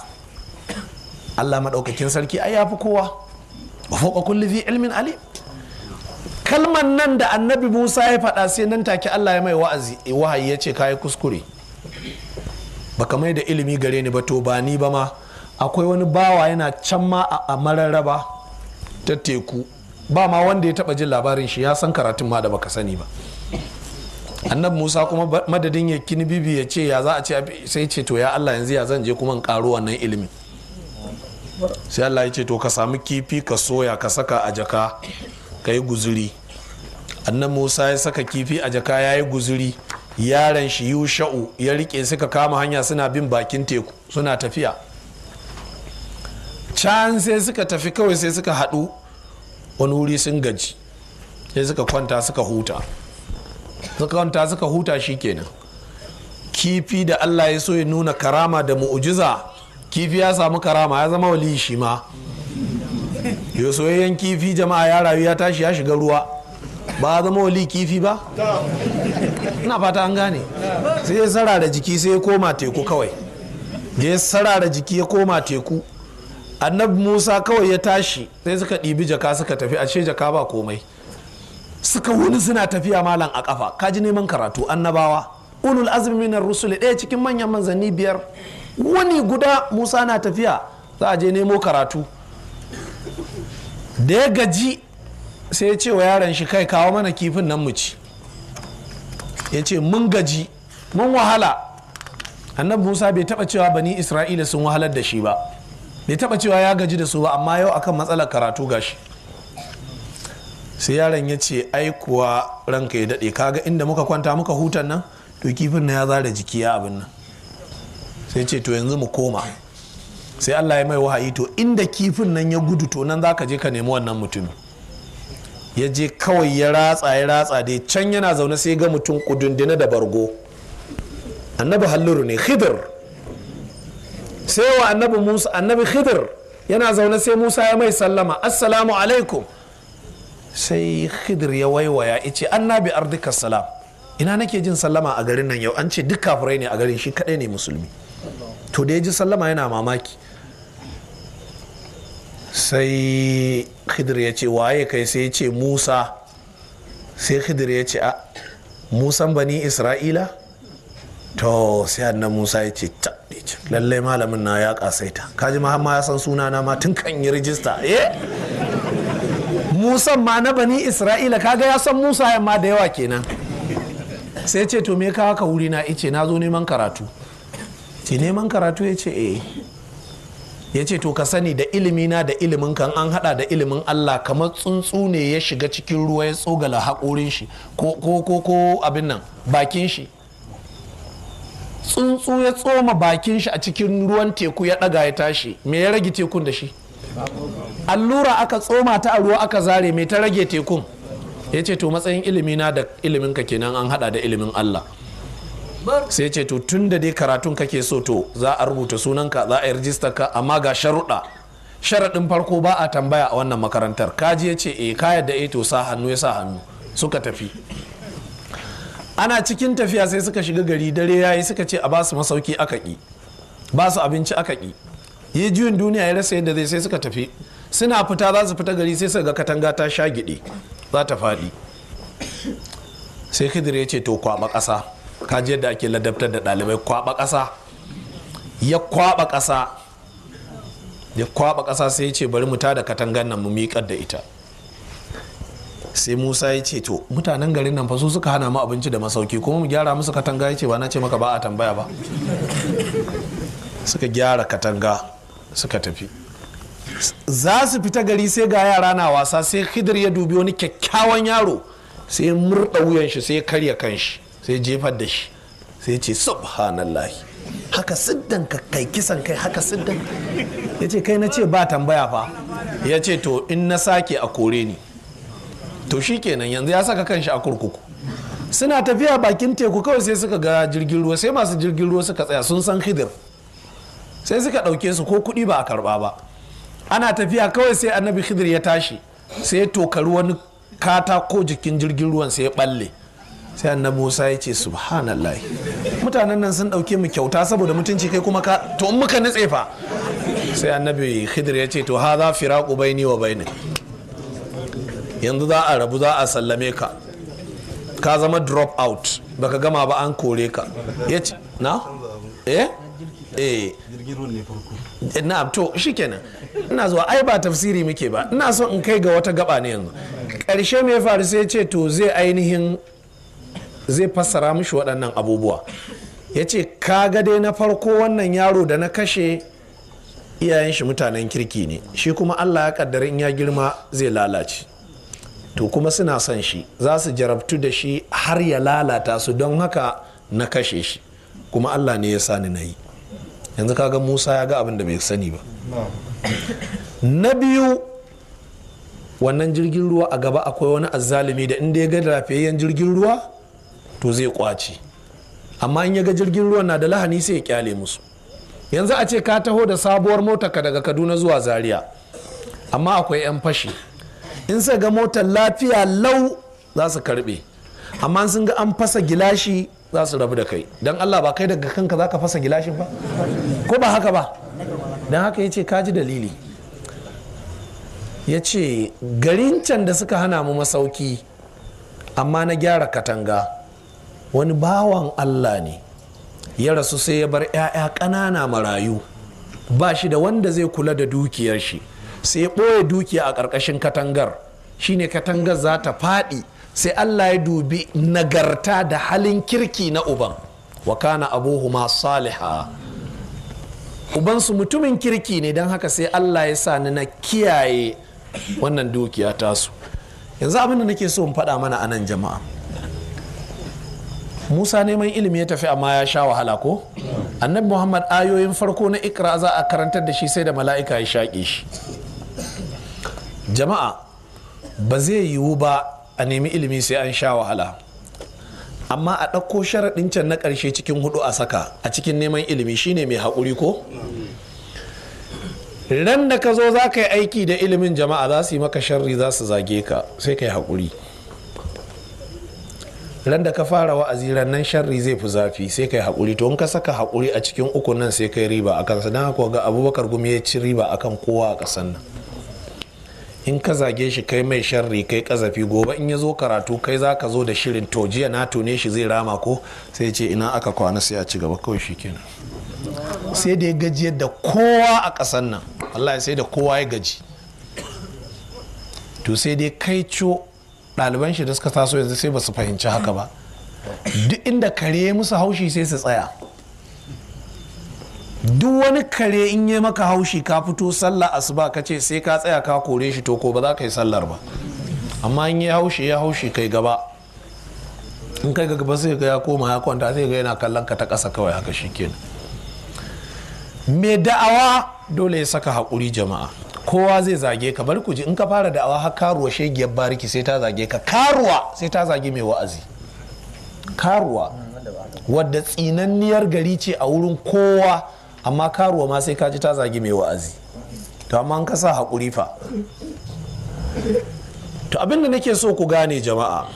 Allah maɗaukakin sarki ai fi kowa ba fawqa kulli fi ilmin ali kalman nan da annabi Musa ya faɗa sai nan take Allah ya mai wa'azi eh, wahayi ya ce ka yi kuskure baka mai da ilimi gare ni ba to ba ni ba ma akwai wani bawa yana can ma a mararraba ta teku ba ma wanda ya taba jin labarin shi ya san karatun ma da baka sani ba annabi musa kuma madadin ya kini bibi ya ce ya za a ce sai ce to ya allah yanzu ya zan je kuma in karo wannan ilimin sai allah ya ce to ka samu kifi ka soya ka saka a jaka ka yi guzuri annabi musa ya saka kifi a jaka ya yi guzuri yaron shi yusha'u ya rike suka kama hanya suna bin bakin teku suna tafiya can sai suka tafi kawai sai suka haɗu wani wuri sun gaji sai suka kwanta suka huta suka kwanta suka huta shikenan kifi da allah ya so ya nuna karama da mu'ujiza kifi ya samu karama ya zama wali shi ma ya soyayyen kifi jama'a ya rayu ya tashi ya shiga ruwa ba zama wali kifi ba na fata an gane sai ya sarara jiki sai ya koma teku kawai da ya sarara jiki ya koma teku annabi musa kawai ya tashi sai suka ɗibi jaka suka tafi ce jaka ba komai suka wani suna tafiya malam a kafa kaji neman karatu annabawa ulul azmi na rusuli ɗaya cikin manyan manzanni biyar wani guda musa na tafiya za a je nemo karatu da ya gaji sai ya ce wa yaron shi kai kawo mana kifin nan mu ci ya ce mun gaji mun wahala annabi musa bai taɓa cewa bani isra'ila sun wahalar da shi ba bai taba cewa ya gaji da su ba amma yau akan matsalar karatu gashi sai yaron ya ce ai kuwa ranka ya dade kaga inda muka kwanta muka hutan nan to kifin na ya zara jiki ya abin nan sai ce to yanzu mu koma sai allah ya mai wahayi to inda kifin nan ya gudu to nan zaka je ka nemi wannan mutum. ya je kawai ya ratsa ya ratsa dai can yana zaune sai ga mutum kudundune da bargo annabi halluru ne khidr sai wa annabi musa annabi khidir yana zaune sai musa ya mai sallama assalamu alaikum sai khidir ya waiwaya ice annabi ardika salam ina nake jin sallama a garin nan yau an ce duk kafirai ne a garin shi kadai ne musulmi to da ya ji sallama yana mamaki sai khidir ya ce waye kai sai ya ce musa sai khidir ya ce a musan bani isra'ila to sai annan musa ya ce lallai malamin na ya kasaita kaji ma ya san suna na ma tun kan yi rijista eh! musan ma na bani isra'ila kaga ya san musa yamma da yawa kenan sai ce to me ka haka wuri na ice na zo neman karatu ce neman karatu ya ce eh ya ce to ka sani da ilimi na da ilimin kan an hada da ilimin Allah kamar tsuntsu ne ya shiga cikin ruwa ya tsogala haƙorin shi ko ko ko abin nan bakin shi tsuntsu ya tsoma bakin shi a cikin ruwan teku ya ɗaga ya tashi me ya rage tekun da shi allura aka tsoma ta a ruwa aka zare me ta rage tekun ya ce to matsayin ilimi na da ilimin ka kenan an hada da ilimin Allah sai ce to tun da dai karatun kake so to za a rubuta sunanka za a yi rajistar ka amma ga sharuɗa sharaɗin farko ba a tambaya a wannan makarantar kaji ya ce e ka yadda e eh, to sa hannu ya sa hannu suka tafi ana cikin tafiya sai suka shiga gari dare yayi suka ce a ba su masauki aka ƙi ba su abinci aka ƙi yi juyin duniya ya rasa yadda zai sai suka tafi suna fita za su fita gari sai suka ga katanga ta sha gide za ta faɗi sai khidir ya ce to kwaba ƙasa ka ji yadda ake ladabtar da ɗalibai kwaba ƙasa ya kwaba ƙasa ya kwaba ƙasa sai ya ce bari mu tada katangar nan mu miƙar da ita sai musa ya ce to mutanen garin nan fa su suka hana mu abinci da masauki kuma mu gyara musu katanga ya ce ba na ce maka ba a tambaya ba suka gyara katanga suka tafi za su fita gari sai ga yara na wasa sai hidir ya dubi wani kyakkyawan yaro sai murda wuyan shi sai karya kanshi sai jefar da shi sai ce subhanallahi haka siddan ka kai kisan kai haka siddan ya ce kai na ce ba tambaya fa ya ce to in na sake a kore ni to shi kenan yanzu ya saka kanshi a kurkuku suna tafiya bakin teku kawai sai suka ga jirgin ruwa sai masu jirgin ruwa suka tsaya sun san hidir sai suka ɗauke su ko kuɗi ba a karɓa ba ana tafiya kawai sai annabi hidir ya tashi sai ya tokari wani katako jikin jirgin ruwan sai ya ɓalle sai annabi musa ya ce subhanallah mutanen nan sun ɗauke mu kyauta saboda mutunci kai kuma ka to in muka nutse sai annabi hidir ya ce to ha za firaku bai ni wa bai baini yanzu za a rabu za a sallame ka ka zama drop out baka gama ba an kore ka ya ce na eh eh, eh na to shikenan ina zuwa ai ba tafsiri muke ba ina so in kai ga wata gaba ne yanzu karshe mai faru sai ce to zai ainihin zai fassara mishi waɗannan abubuwa ya ce kaga dai na farko wannan yaro da na kashe iyayen shi mutanen kirki ne shi kuma allah ya kaddara in ya girma zai lalace to kuma suna son shi za su jarabtu da shi har ya lalata su don haka na kashe shi kuma allah ne ya sani na yi yanzu kaga musa ya ga abin da bai sani ba na biyu wannan jirgin ruwa a gaba akwai wani azzalumi da inda ya ga rafiyayyen jirgin ruwa to zai kwace amma in ya ga jirgin ruwan na da lahani sai ya kyale musu yanzu a ce ka taho da sabuwar motarka daga kaduna zuwa zaria amma akwai 'yan fashi in sai ga motar lafiya lau za su karbe amma sun ga an fasa gilashi za su rabu da kai don allah ba kai daga kanka za ka fasa gilashin ba ko ba haka ba don haka ya ce kaji dalili ya ce garin can da suka hana mu masauki amma na gyara katanga wani bawan allah ne ya rasu sai ya bar 'ya'ya ƙanana marayu ba shi da wanda zai kula da dukiyar shi sai ɓoye dukiya a ƙarƙashin katangar shine katangar za ta faɗi sai allah ya dubi nagarta da halin kirki na uban wa kana abuhuma saliha ubansu mutumin kirki ne don haka sai allah ya sa ni na kiyaye wannan dukiya tasu yanzu abin da nake so in faɗa mana a nan jama'a musa neman ilimi ya tafi amma ya sha wahala ko annabi muhammad ayoyin farko na ikra za a karantar da shi sai da mala'ika ya shaƙe shi jama'a ba zai yiwu ba a nemi ilimi sai an sha wahala amma a ɗauko sharaɗin can na ƙarshe cikin hudu a saka a cikin neman ilimi shine mai haƙuri ko ran da ka zo za ka yi aiki da ilimin jama'a za su yi maka sharri za su zage ka sai ka yi haƙuri ran da ka fara wa'azi ran nan sharri zai fi zafi sai ka yi haƙuri to in ka saka haƙuri a cikin uku nan sai ka yi riba a kansa don haka ga abubakar gumi ya ci riba akan kowa a ƙasar nan in ka zage shi kai mai sharri kai kazafi gobe in ya zo karatu kai za ka zo da shirin to jiya na tone shi zai rama ko sai ce ina aka kwana sai a ci gaba kawai shi kenan sai da ya gaji yadda kowa a ƙasan nan Allah sai da kowa ya gaji to sai dai kai co ɗaliban shi da suka taso yanzu sai ba su fahimci haka ba duk inda kare musu haushi sai su tsaya duk wani kare in yi maka haushi ka fito sallah asuba ka ce sai ka tsaya ka kore shi to ko ba za ka yi sallar ba amma in yi haushi ya haushi kai gaba in kai ga gaba sai ga ya koma ya kwanta sai ga yana kallon ka ta ƙasa kawai haka shi kenan. mai da'awa dole ya saka haƙuri jama'a kowa zai zage ka bari ku ji in ka fara da'awa har karuwa shegiyar bariki sai ta zage ka karuwa sai ta zage mai wa'azi karuwa wadda tsinanniyar gari ce a wurin kowa amma karuwa ma sai kaji ta zagi mai wa'azi to amma an kasa haƙuri fa to abin da nake so ku gane jama'a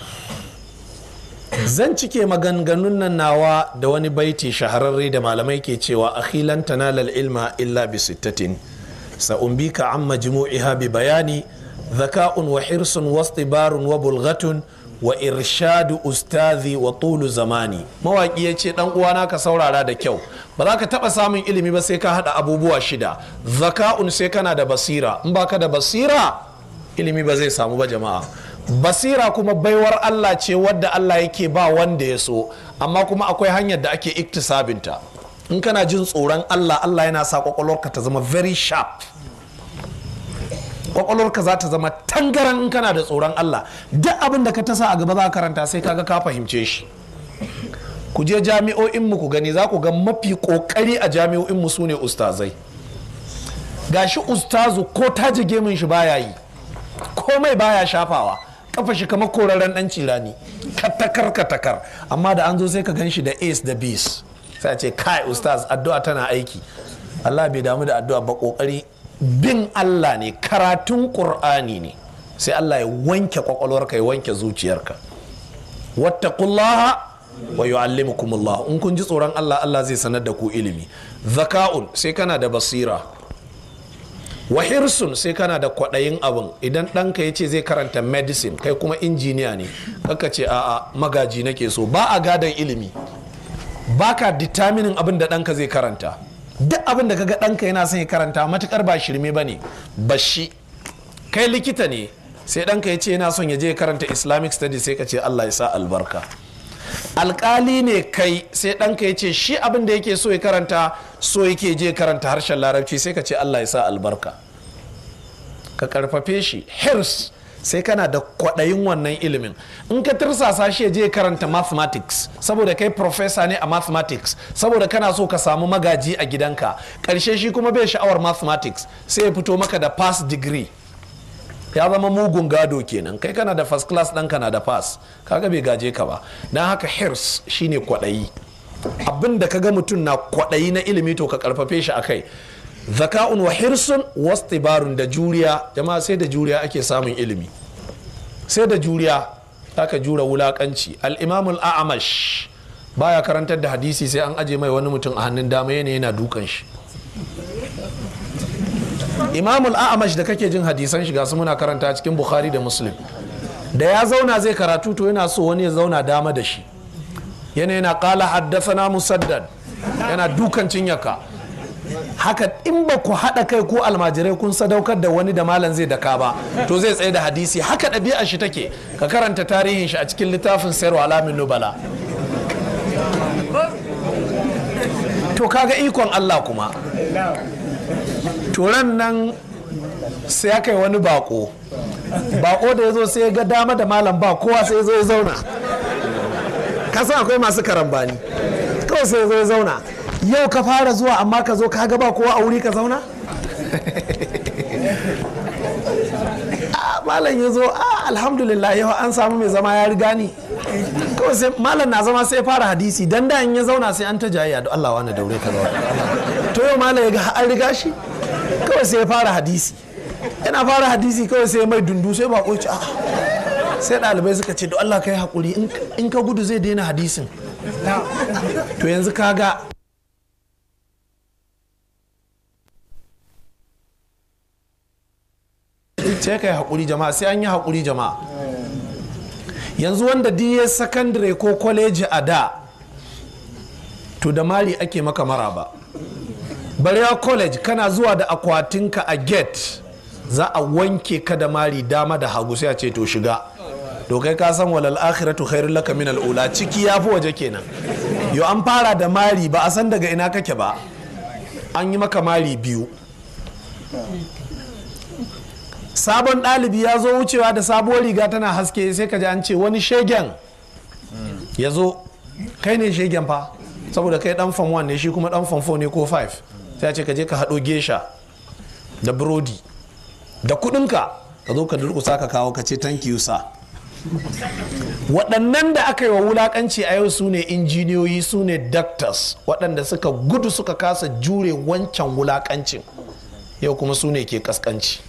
zan cike maganganun nan nawa da wani baiti shahararre da malamai ke cewa akhilan tanalal ilma illa bi sittatin ka amma jimu'iha bi bayani wa hirsun وحرص wa وبلغة wa irshadu ustazi wa tulu zamani mawaƙi ya ce 'Dan uwana ka saurara da kyau ba za ka taɓa samun ilimi ba sai ka haɗa abubuwa shida zaka'un sai kana da basira in ba ka da basira ilimi ba zai samu ba jama'a basira kuma baiwar Allah ce wadda Allah yake ba wanda ya so amma kuma akwai hanyar da ake iktisabinta in kana jin tsoron Allah Allah yana sa kwakwalwarka ta zama very sharp kwakwalwarka za ta zama tangaran in kana da tsoron Allah duk abin da ka tasa a gaba za ka karanta sai kaga ka fahimce shi ku je jami'o'in mu ku gani za ku ga mafi kokari a jami'o'in mu sune ustazai gashi ustazu ko ta min shi baya yi komai baya shafawa kafa shi kamar koraren dan cirani katakar katakar amma da an zo sai ka gan shi da ace da bis sai a ce kai ustaz addu'a tana aiki Allah bai damu da addu'a ba kokari bin Allah ne karatun ƙur'ani ne sai Allah ya wanke kwakwalwarka ya wanke zuciyarka wattaqullaha wa yu'allimukumullah in kun ji tsoron Allah Allah zai sanar da ku ilimi zaka'un sai kana da basira wa hirsun sai kana da kwaɗayin abin idan ɗanka ya ce zai karanta medicine kai kuma injiniya ne kaka ce a'a magaji nake so ba a gadon ilimi baka determining abin da ɗanka zai karanta duk abin da kaga ɗanka yana son ya karanta matukar ba shirme ba ne bashi kai likita ne sai ɗanka ya ce yana son ya je karanta islamic studies sai ka ce allah ya sa albarka alkali ne kai sai ɗanka ya ce shi abin da yake so ya karanta so yake je karanta harshen larabci sai ka ce allah ya sa albarka ka karfafe shi hirs sai kana da kwaɗayin wannan ilimin in ka tirsasa shi je karanta mathematics saboda kai professor ne a mathematics saboda kana so ka samu magaji a gidanka ƙarshe shi kuma bai sha'awar mathematics sai ya fito maka da pass degree ya zama mugun gado kenan kai kana da first class ɗan kana da pass kaga bai gaje ka ba don haka hirs shine kwaɗayi abin da ka ga mutum na kwaɗayi na ilimi to ka karfafe shi a kai zaka'un wa hirsun wastibarun da juriya jama'a sai da juriya ake samun ilimi sai da juriya ka jura wulakanci al-imamul a'amash baya karantar da hadisi sai an aje mai wani mutum a hannun dama yana yana dukan shi imamul a'amash da kake jin hadisan shiga su muna karanta cikin bukhari da muslim da ya zauna zai karatu to yana so wani ya zauna dama da shi yana yana kala haddasa na musaddad yana dukan cinyaka haka in ba ku haɗa kai ko almajirai kun sadaukar da wani da malam zai daka ba to zai tsaye da hadisi haka ɗabi'a shi take ka karanta tarihin shi a cikin littafin sayarwa alamin nubala to kaga ikon allah kuma turan nan sai ya kai wani bako bako da ya zo sai ya ga dama da malam ba kowa sai zo ya zauna kasan akwai masu karambani kawai sai ya zo ya zauna yau ka fara zuwa amma ka zo ka ga ba kowa a wuri ka zauna *laughs* ah, malam ya zo ah, alhamdulillah yau an samu mai zama ya riga ni kawai sai malam na zama sai fara hadisi dan da ya zauna sai an ta jayayya da Allah wani daure ka zauna to yau malam ya ga an riga shi kawai sai ya fara hadisi yana fara hadisi kawai sai mai dundu sai ba koci ah. sai ɗalibai suka ce da Allah ka yi hakuri in ka gudu zai daina hadisin to yanzu ka ga. sai ka yi haƙuri jama'a sai an yi haƙuri jama'a yanzu wanda diye sakandare ko kwaleji a da to da mali ake maka maraba barya college kana zuwa da akwatinka a get za a wanke ka da mali dama da hagu sai a ce to shiga to kai ka san walal akhiratu khairul laka min al ula ciki fi waje kenan yo an fara da mali ba a san daga ina kake ba an yi maka mali biyu sabon ɗalibi ya zo wucewa da sabuwar riga tana haske sai ka ji an ce wani shegen ya zo kai ne shegen fa saboda kai dan fam 1 ne shi kuma dan fam 4 ne ko 5 sai ce ka je ka haɗo gesha da burodi da kudinka ka zo ka durkusa ka kawo ka ce thank you waɗannan da aka yi wa wulaƙanci a yau su ne injiniyoyi su ne doctors waɗanda suka gudu suka kasa jure wancan wulaƙancin yau kuma su ne ke kaskanci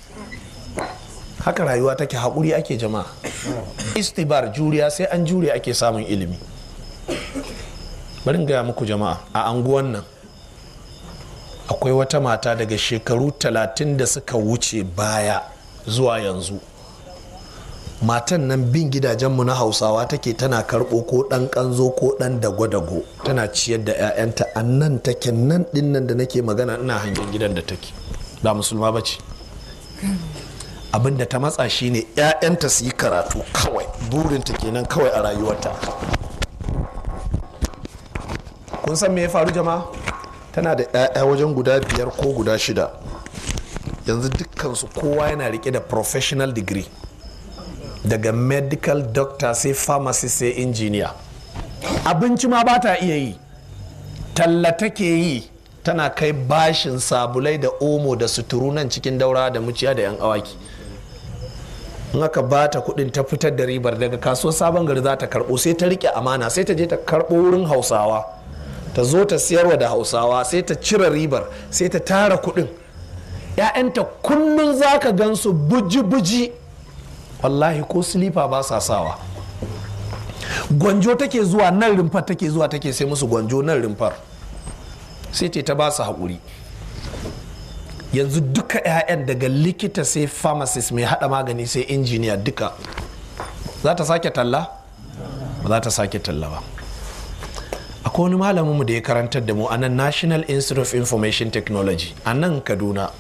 haka rayuwa take haƙuri ake jama'a istibar juriya sai an juriya ake samun ilimi bari gaya muku jama'a a anguwan nan akwai wata mata daga shekaru talatin da suka wuce baya zuwa yanzu matan nan bin gidajen mu na hausawa take tana karɓo ko ɗan ƙanzo ko ɗan dago-dago tana ciyar da 'ya'yanta a nan take nan ɗin da nake magana ina hangen gidan da take ba musulma ba ce abin da ta matsa shine 'ya'yanta su yi karatu kawai burinta kenan kawai a rayuwarta kun san me ya faru jama? tana da 'ya'ya wajen guda biyar ko guda shida yanzu dukkansu kowa yana rike da professional degree daga medical doctor sai pharmacist sai engineer abinci ma ba ta iya yi talla take yi tana kai bashin sabulai da omo da suturu nan cikin daura da muciya da 'yan awaki in aka ba ta kudin ta fitar da ribar daga kasuwar sabon gari za ta karbo sai ta rike amana sai ta je ta karbo wurin hausawa ta zo ta siyarwa da hausawa sai ta cire ribar sai ta tara kuɗin ‘ya'yanta kullum za ka gan su buji-buji wallahi ko silifa ba sa sawa gwanjo take zuwa nan rumfar take zuwa take sai musu gwanjo nan rumfar sai ta ba su haƙuri yanzu duka 'ya'yan daga likita sai pharmacist mai hada magani sai injiniya duka za ta sake talla ba za ta sake talla ba akwai wani malaminmu da ya karantar da mu a nan national institute of information technology a nan kaduna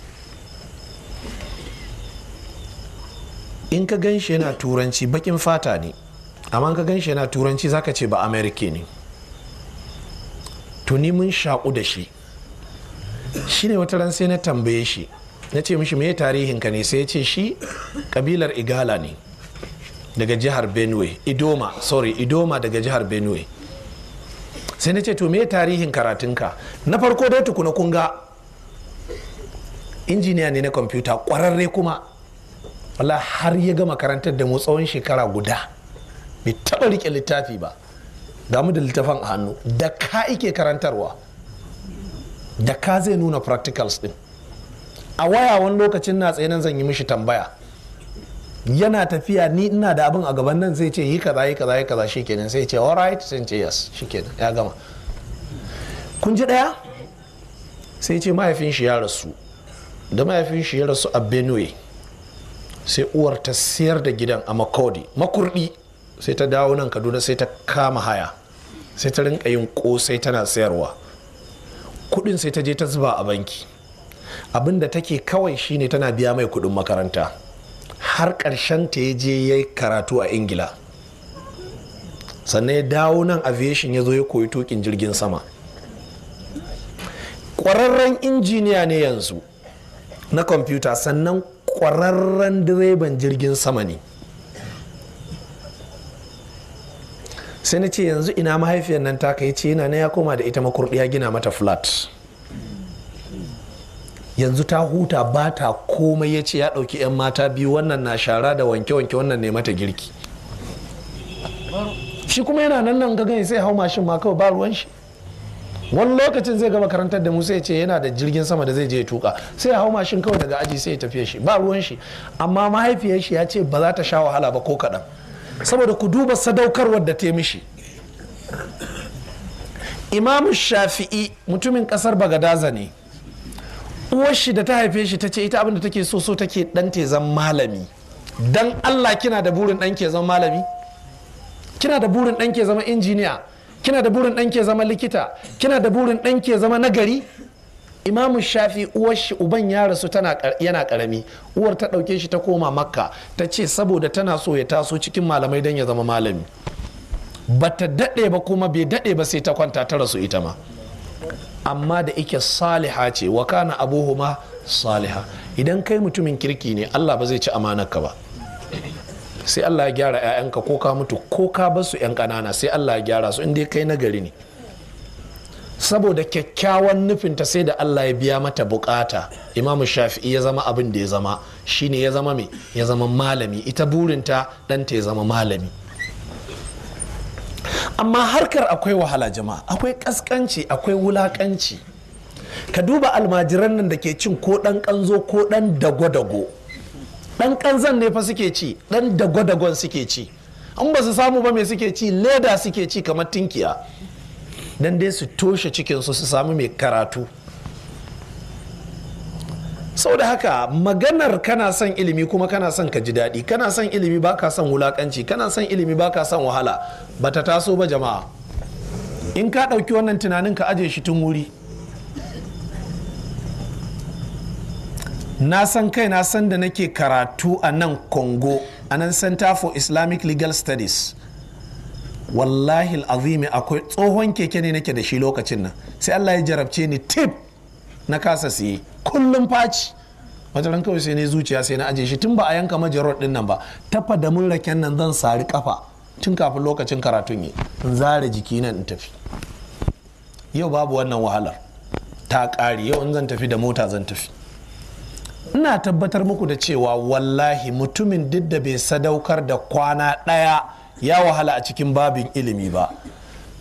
in ka gan shi yana turanci bakin fata ne amma ka gan shi yana turanci zaka ce ba amerika ne tuni mun shaƙu da shi shine wata ran sai na tambaye shi na ce mishi me tarihin ka ne sai ya ce shi kabilar igala ne daga jihar benue idoma sorry idoma daga jihar benue sai na ce to me tarihin karatunka na farko dai tukuna kunga injiniya ne na kwamfuta kwararre kuma wala har ya gama karantar da mu tsawon shekara guda bai taba rike littafi ba ga mu da littafin a hannu da ka ike karantarwa da ka zai nuna practicals din a waya wani lokacin na tsaye nan zan yi mishi tambaya yana tafiya ni ina da abin a gaban nan zai ce yi kaza yi kaza yi kaza shikenan sai ce alright sai ce yes shikenan ya gama kun ji daya sai ce mahaifin shi ya rasu da mahaifin shi ya rasu a benue sai uwar ta siyar da gidan a makodi makurdi sai ta dawo nan kaduna sai ta kama haya sai ta rinka yin kosai tana sayarwa kudin sai ta je ta zuba a banki abin da take kawai shine tana biya mai kudin makaranta har karshen ta ya je ya karatu a ingila sannan ya dawo nan aviation ya zo ya koyi tukin jirgin sama kwararren injiniya ne yanzu na kwamfuta sannan kwararren direban jirgin sama ne sai na ce yanzu ina mahaifiyar nan ta kai ce yana na ya koma da ita makurdiya gina mata flat yanzu ta huta ba ta komai ya ce ya ɗauki 'yan mata biyu wannan na shara da wanke-wanke wannan ne mata girki shi kuma yana nan nan gagan sai hau mashin ma kawai ba ruwan shi wani lokacin zai ga makarantar da mu sai ce yana da jirgin sama da zai je tuka sai hau mashin kawai daga aji sai ya tafiye shi ba ruwan shi amma mahaifiyar shi ya ce ba za ta sha wahala ba ko kaɗan saboda ku duba sadaukarwar da ta mishi imamu shafi'i mutumin kasar bagadaza ne uwar shi da ta haife shi ta ce ita abin da take so so take dan zan malami dan allah kina da burin dan ke zama malami kina da burin dan ke zama injiniya kina da burin dan ke zama likita kina da burin dan ke zama nagari imamu shafi uwar shi uban ya rasu yana karami uwar ta ɗauke shi ta koma makka ta ce saboda tana so ya taso cikin malamai don ya zama malami ba ta daɗe ba kuma bai daɗe ba sai ta kwanta ta rasu ita ma amma da ike saliha ce wa kana abuhuma saliha idan kai mutumin kirki ne allah ba zai ci amanarka ba sai allah ya gyara 'ya'yanka ko ka mutu ko ka basu 'yan ƙanana sai allah ya gyara su inda kai na gari ne saboda kyakkyawan nufinta sai da Allah ya biya mata bukata imamu shafi'i ya zama abin da ya zama shine ya zama mai? ya zama malami ita burinta ɗanta ya zama malami amma harkar akwai wahala jama'a akwai kaskanci akwai wulakanci ka duba almajiran nan da ke cin ko ɗan ƙanzo ko ɗan dago-dago ɗan ƙanzan ne fa suke ci ɗan dago-dagon suke ci an ba su samu ba me suke ci leda suke ci kamar tinkiya don dai su toshe cikinsu su samu mai karatu sau da haka maganar kana son ilimi kuma kana son ka ji daɗi kana son ilimi ba ka son wulakanci kana son ilimi ba ka son wahala ba ta taso ba jama'a in ka ɗauki wannan tunanin ka aje shi tun wuri na san kai na san da nake karatu a nan congo a nan center for islamic legal studies wallahi azimi akwai tsohon keke ne nake da shi lokacin nan sai Allah ya jarabce ni tip na kasa siye kullum faci wata ran kawai sai ne zuciya sai na ajiye shi tun ba a yanka majarar din nan ba tafa da mun raken nan zan sari kafa tun kafin lokacin karatun yi in zare jiki nan in tafi yau babu wannan wahalar ta ƙari yau in zan tafi da mota zan tafi ina tabbatar muku da cewa wallahi mutumin duk da bai sadaukar da kwana ɗaya ya wahala a cikin babin ilimi ba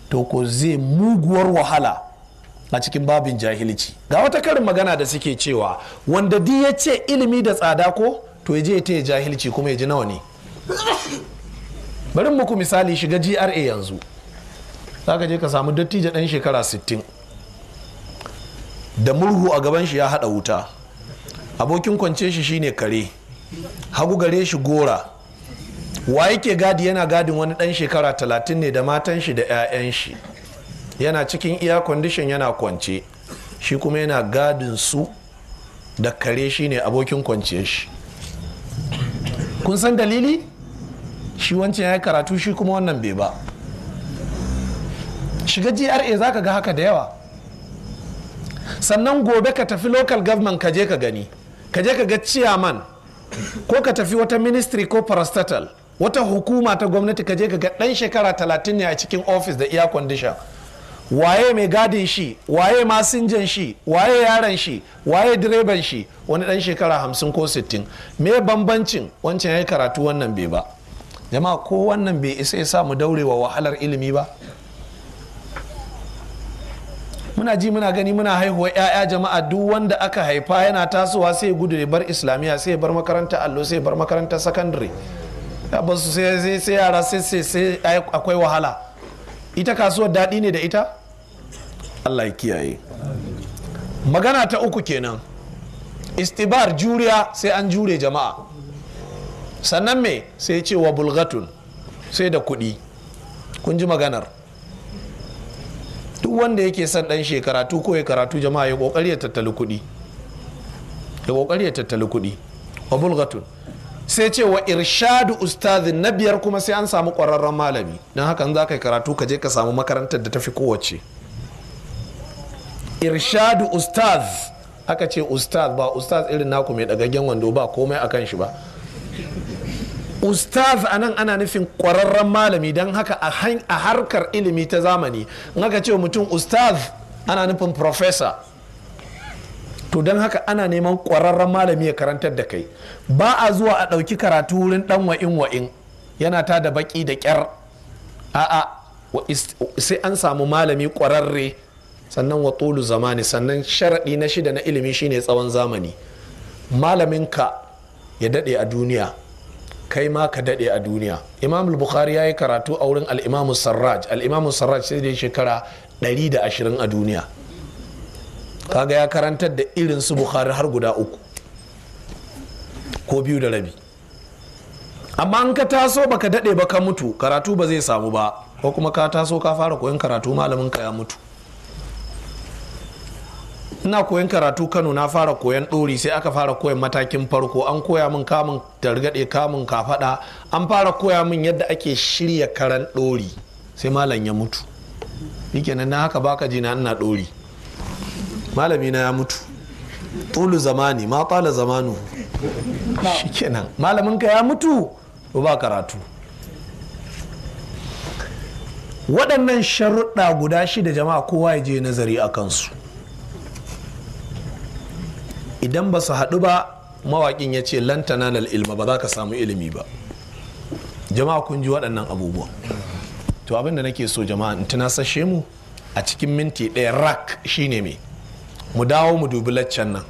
to ko zai muguwar wahala a cikin babin jahilci ga wata karin magana da suke cewa wanda di ya ce ilimi da tsada ko to ya je ya taya jahilci kuma ya ji nawa ne bari muku misali shiga gra yanzu za ka je ka samu dattijo ɗan shekara 60 da murhu a gaban shi ya haɗa wuta abokin kwance shi shine kare hagu gare shi gora wa yake gadi yana gadin wani dan shekara talatin ne da matan shi da 'ya'yan shi yana cikin iya kwandishin yana kwance shi kuma yana gadin su da kare shi ne abokin kwanciyar shi kun san dalili shi wancan ya karatu shi kuma wannan bai ba shiga gra za ka ga haka da yawa sannan gobe ka tafi local government ka je ka gani ka je ka ga ciyaman ko ka tafi wata ministry ko parastatal wata hukuma ta gwamnati ka je ka ga ɗan shekara talatin ne a cikin ofis da iya kwandishan waye mai gadin shi waye masinjan shi waye yaron shi waye direban shi wani dan shekara hamsin ko sittin me bambancin wancan ya yi karatu wannan bai ba jama'a ko wannan bai isa ya mu daure wa wahalar ilimi ba muna ji muna gani muna haihuwa 'ya'ya jama'a duk wanda aka haifa yana tasowa sai gudu ya bar islamiyya sai ya bar makaranta allo sai bar makaranta sakandare ba su sai yara sai sai sai akwai wahala ita kasuwar daɗi ne da ita allah ya kiyaye magana ta uku kenan istibar juriya sai an jure jama'a sannan me sai ce wa bulgatun sai da kuɗi kun ji maganar duk wanda yake son ɗan shekaratu ko ya karatu jama'a ya ƙoƙari ya tattali kuɗi ya ƙoƙari ya tattali kuɗi wa bulgatun sai ce wa irshadu ustazi na biyar kuma sai an samu kwararren malami don haka za ka yi karatu ka je ka samu makarantar da tafi kowace irshadu ustaz aka ce ustaz ba ustaz irin naku mai dagaggen wando ba komai akan shi ba ustaz a nan ana nufin ƙwararren malami don haka a harkar ilimi ta zamani in aka ce mutum ustaz ana nufin professor to don haka ana neman ƙwararren malami ya karantar da kai ba a zuwa a ɗauki karatu wurin ɗan wa'in wa'in yana ta da baƙi da ƙyar a'a sai an samu malami ƙwararre sannan wa tolu zamani sannan sharaɗi na shida na ilimi shine tsawon zamani malaminka ya daɗe a duniya kai ma ka daɗe a duniya imam bukhari ya yi karatu a wurin al'imamu sarraj al'imamu sarraj sai da shekara 120 a duniya kaga ya karantar da irin su bukhari har guda uku ko biyu da rabi amma an ka taso baka daɗe ba ka mutu karatu ba zai samu ba ko kuma ka taso ka fara koyon karatu malamin ka ya mutu ina koyon karatu kano na fara koyon ɗori sai aka fara koyon matakin farko an koya min kamun targaɗe kamun kafaɗa an fara koya min yadda ake shirya karan ɗori sai malam ya mutu shikenan na haka baka jina ina ɗori malami na ya mutu tulu zamani ma tala zamanu shikenan malamin ka ya mutu ba karatu waɗannan sharuɗa guda shida jama'a kowa ya je nazari a kansu idan ba su haɗu ba mawaƙin ya ce lantana na ilma ba za ka samu ilimi ba jama'a kun ji waɗannan abubuwa to abinda nake so jama'a in tunasashe mu a cikin minti ɗaya rak shine mai mu dawo mu dubi laccan nan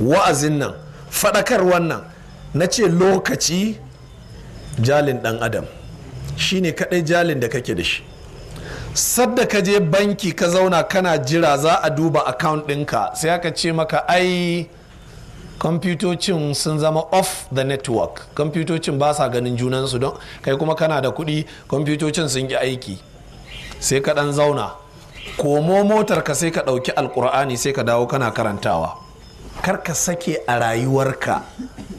wa'azin nan faɗakar wannan na ce lokaci jalin ɗan adam shi ne kaɗai jalin da kake da shi sadda ka je banki ka zauna kana jira za a duba account ɗinka sai aka ce maka ai kwamfutocin sun zama off the network kwamfutocin ba sa ganin junansu don kai kuma kana da kuɗi kwamfutocin sun ƙi aiki sai ka ɗan zauna komo motarka sai ka ɗauki alkur'ani sai ka dawo kana karantawa kar ka sake a rayuwarka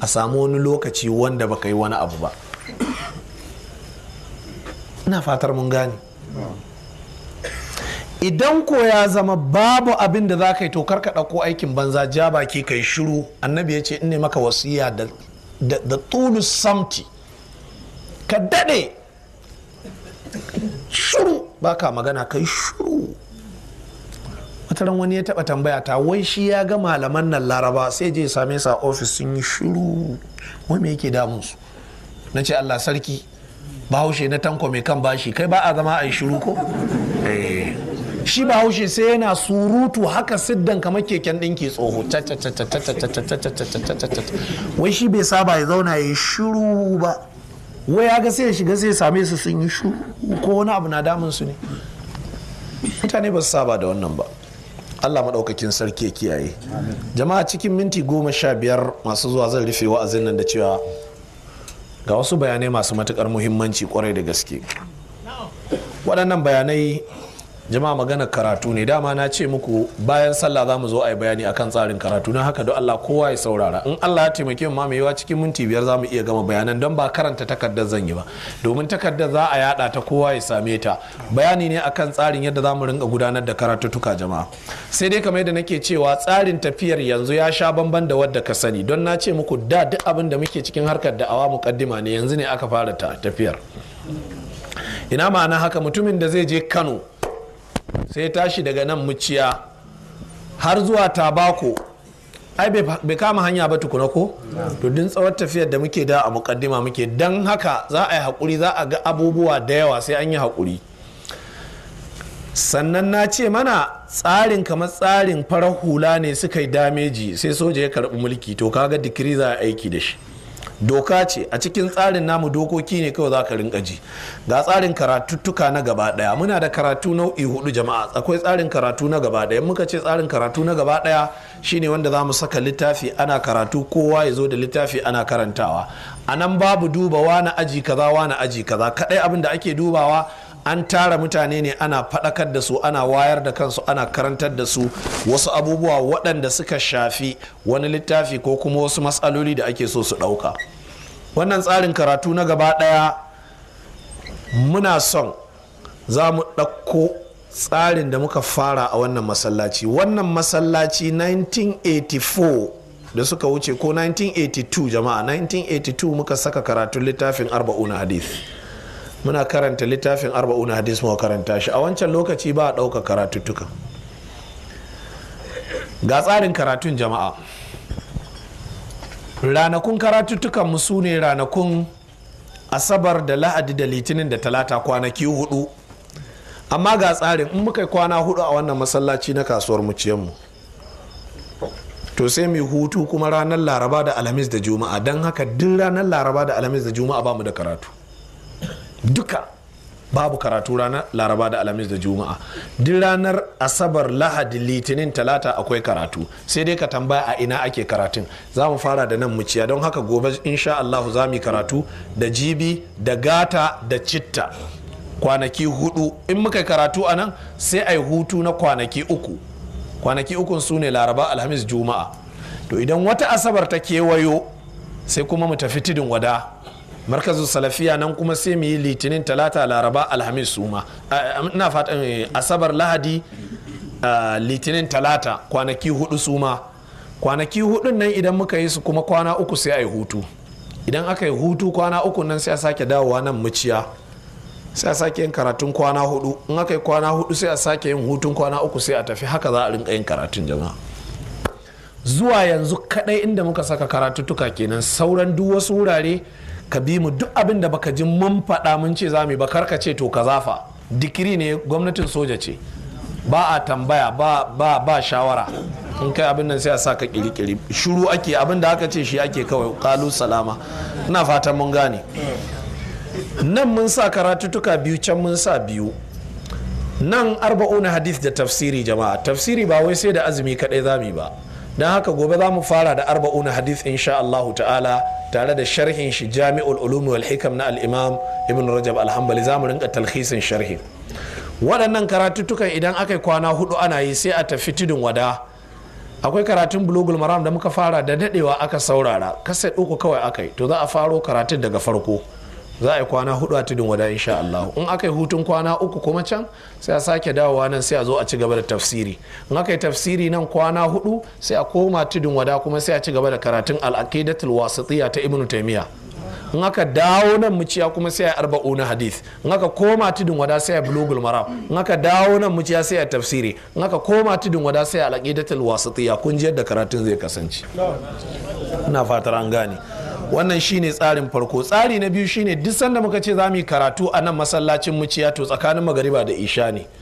a samu wani lokaci wanda baka yi wani abu ba ina fatar mun gane idan ko ya zama babu abin da za ka yi to kar ka ɗauko aikin banza ja baki ka yi shiru annabi ya ce in ne maka wasiya da tulu samti ka daɗe shuru ba ka magana ka yi shuru wataran wani ya taba tambaya ta wai shi ya ga malaman nan laraba sai je same sa ofis sun yi shiru wai me yake damun su na ce allah sarki bahaushe na tanko mai kan bashi kai ba a zama a yi shiru ko shi bahaushe sai yana surutu haka siddan kamar keken ɗinki tsoho wai shi bai saba ya zauna ya yi shiru ba wai ya ga sai ya shiga sai same su sun yi shiru ko wani abu na damun su ne mutane ba su saba da wannan ba allah maɗaukakin sarki ya kiyaye jama'a cikin minti goma sha biyar masu zuwa zan rufe wa'azin nan da cewa ga wasu bayanai masu matukar muhimmanci kwarai da gaske waɗannan bayanai jama'a magana karatu ne dama na ce muku bayan sallah za mu zo a yi bayani akan tsarin karatu na haka don allah kowa ya saurara in allah ya taimake mu mai yawa cikin minti biyar za mu iya gama bayanan don ba karanta takardar zan yi ba domin takardar za a yada ta kowa ya same ta bayani ne akan tsarin yadda za mu rinka gudanar da karatuttuka jama'a sai dai kamar yadda nake cewa tsarin tafiyar yanzu ya sha bamban da wadda ka sani don na ce muku da duk abin da muke cikin harkar da awa mukaddima ne yanzu ne aka fara tafiyar ina ma'ana haka mutumin da zai je kano sai tashi daga nan muciya har zuwa tabako ai bai kama hanya ba tukuna ko to din tsawon tafiyar da muke da a mukaddima muke dan haka za a yi haƙuri za a ga abubuwa da yawa sai an yi haƙuri sannan na ce mana tsarin kamar tsarin farar hula ne suka yi dameji sai soja ya karɓi mulki to kaga dikiri za a aiki da shi doka ce a cikin tsarin namu dokoki ne kawai za ka rinka ji ga tsarin karatuttuka na gaba daya muna da karatu nau'i hudu jama'a akwai tsarin karatu na gaba daya muka ce tsarin karatu na gaba daya shine wanda za mu saka littafi ana karatu kowa ya zo da littafi ana karantawa a nan babu duba wani aji kaza wani aji kaza kadai abin da ake dubawa an tara mutane ne ana faɗakar da su ana wayar da kansu ana karantar da su wasu abubuwa waɗanda suka shafi wani littafi ko kuma wasu matsaloli da ake so su ɗauka wannan tsarin karatu na gaba ɗaya muna son za mu ɗauko tsarin da muka fara a wannan masallaci wannan masallaci 1984 da suka wuce ko 1982 jama'a 1982 muka saka karatun littafin arba'una hadith muna karanta littafin arba'una hadis mu karanta shi a wancan lokaci ba a ɗauka karatuttuka ga tsarin karatun jama'a ranakun karatuttukan mu su ne ranakun asabar da lahadi da litinin da talata kwanaki hudu amma ga tsarin in muka kwana hudu a wannan masallaci na kasuwar mu mu to sai mu hutu kuma ranar laraba da alhamis da juma'a don haka duk ranar laraba da alhamis da juma'a ba mu da karatu duka babu karatu ranar laraba da alhamis da juma'a duk ranar asabar lahadi litinin talata akwai karatu sai dai ka tambaya a ina ake karatun za mu fara da nan muciya don haka gobe insha Allah za mu karatu da jibi da gata da citta kwanaki hudu in muka karatu a nan sai a yi hutu na kwanaki uku kwanaki uku su ne laraba alhamis juma'a to idan wata asabar ta kewayo sai kuma mu tafi tudun wada markazin salafiya nan kuma sai mu yi litinin talata laraba alhamis suma ina fatan eh, asabar lahadi litinin talata kwanaki hudu suma kwanaki hudun nan idan muka yi su kuma kwana uku sai a yi hutu idan aka yi hutu kwana uku nan sai a sake dawowa nan muciya sai a sake yin karatun kwana hudu in aka yi kwana hudu sai a sake yin hutun kwana uku sai a tafi haka za a rinka yin karatun jama'a zuwa yanzu kadai inda muka saka karatuttuka kenan sauran duk wasu wurare ka bi mu duk abin da baka ji mun faɗa mun ce za mu ba karka ce to ka zafa dikiri ne gwamnatin soja ce ba a tambaya ba ba ba shawara in kai abin nan sai a sa ka kirikiri shuru ake abin da aka ce shi ake kawai kalu salama ina fatan mun gane nan mun sa karatutuka biyu can mun sa biyu nan arba'una hadith da tafsiri jama'a tafsiri ba wai sai da azumi kadai zamu ba don haka gobe za mu fara da arba'una hadith insha Allahu ta'ala tare da sharhin shi jami'ul ulumi wal hikam na al-imam ibn rajab al-hanbali zamu rinka talhisin sharhi waɗannan karatuttukan idan aka kwana hudu ana yi sai a tafi tudun wada akwai karatun bulugul maram da muka fara da dadewa aka saurara kasa uku kawai aka to za a faro karatun daga farko za a yi kwana hudu a tudun wada insha Allah in aka yi hutun kwana uku kuma can sai a sake dawowa nan sai a zo a ci gaba da tafsiri in aka yi tafsiri nan kwana hudu sai a koma tudun wada kuma sai a ci gaba da karatun al-aqidatul ta ibnu taymiya in aka dawo nan muciya kuma sai a arba'u na hadith in aka koma tudun wada sai a bulugul maram in aka dawo nan muciya sai a tafsiri in aka koma tudun wada sai a al-aqidatul kun ji yadda karatun zai kasance ina fatar an gane wannan shine tsarin farko tsari na biyu shine duk sanda muka ce za mu yi karatu a nan masallacin muciya to tsakanin magariba da isha ne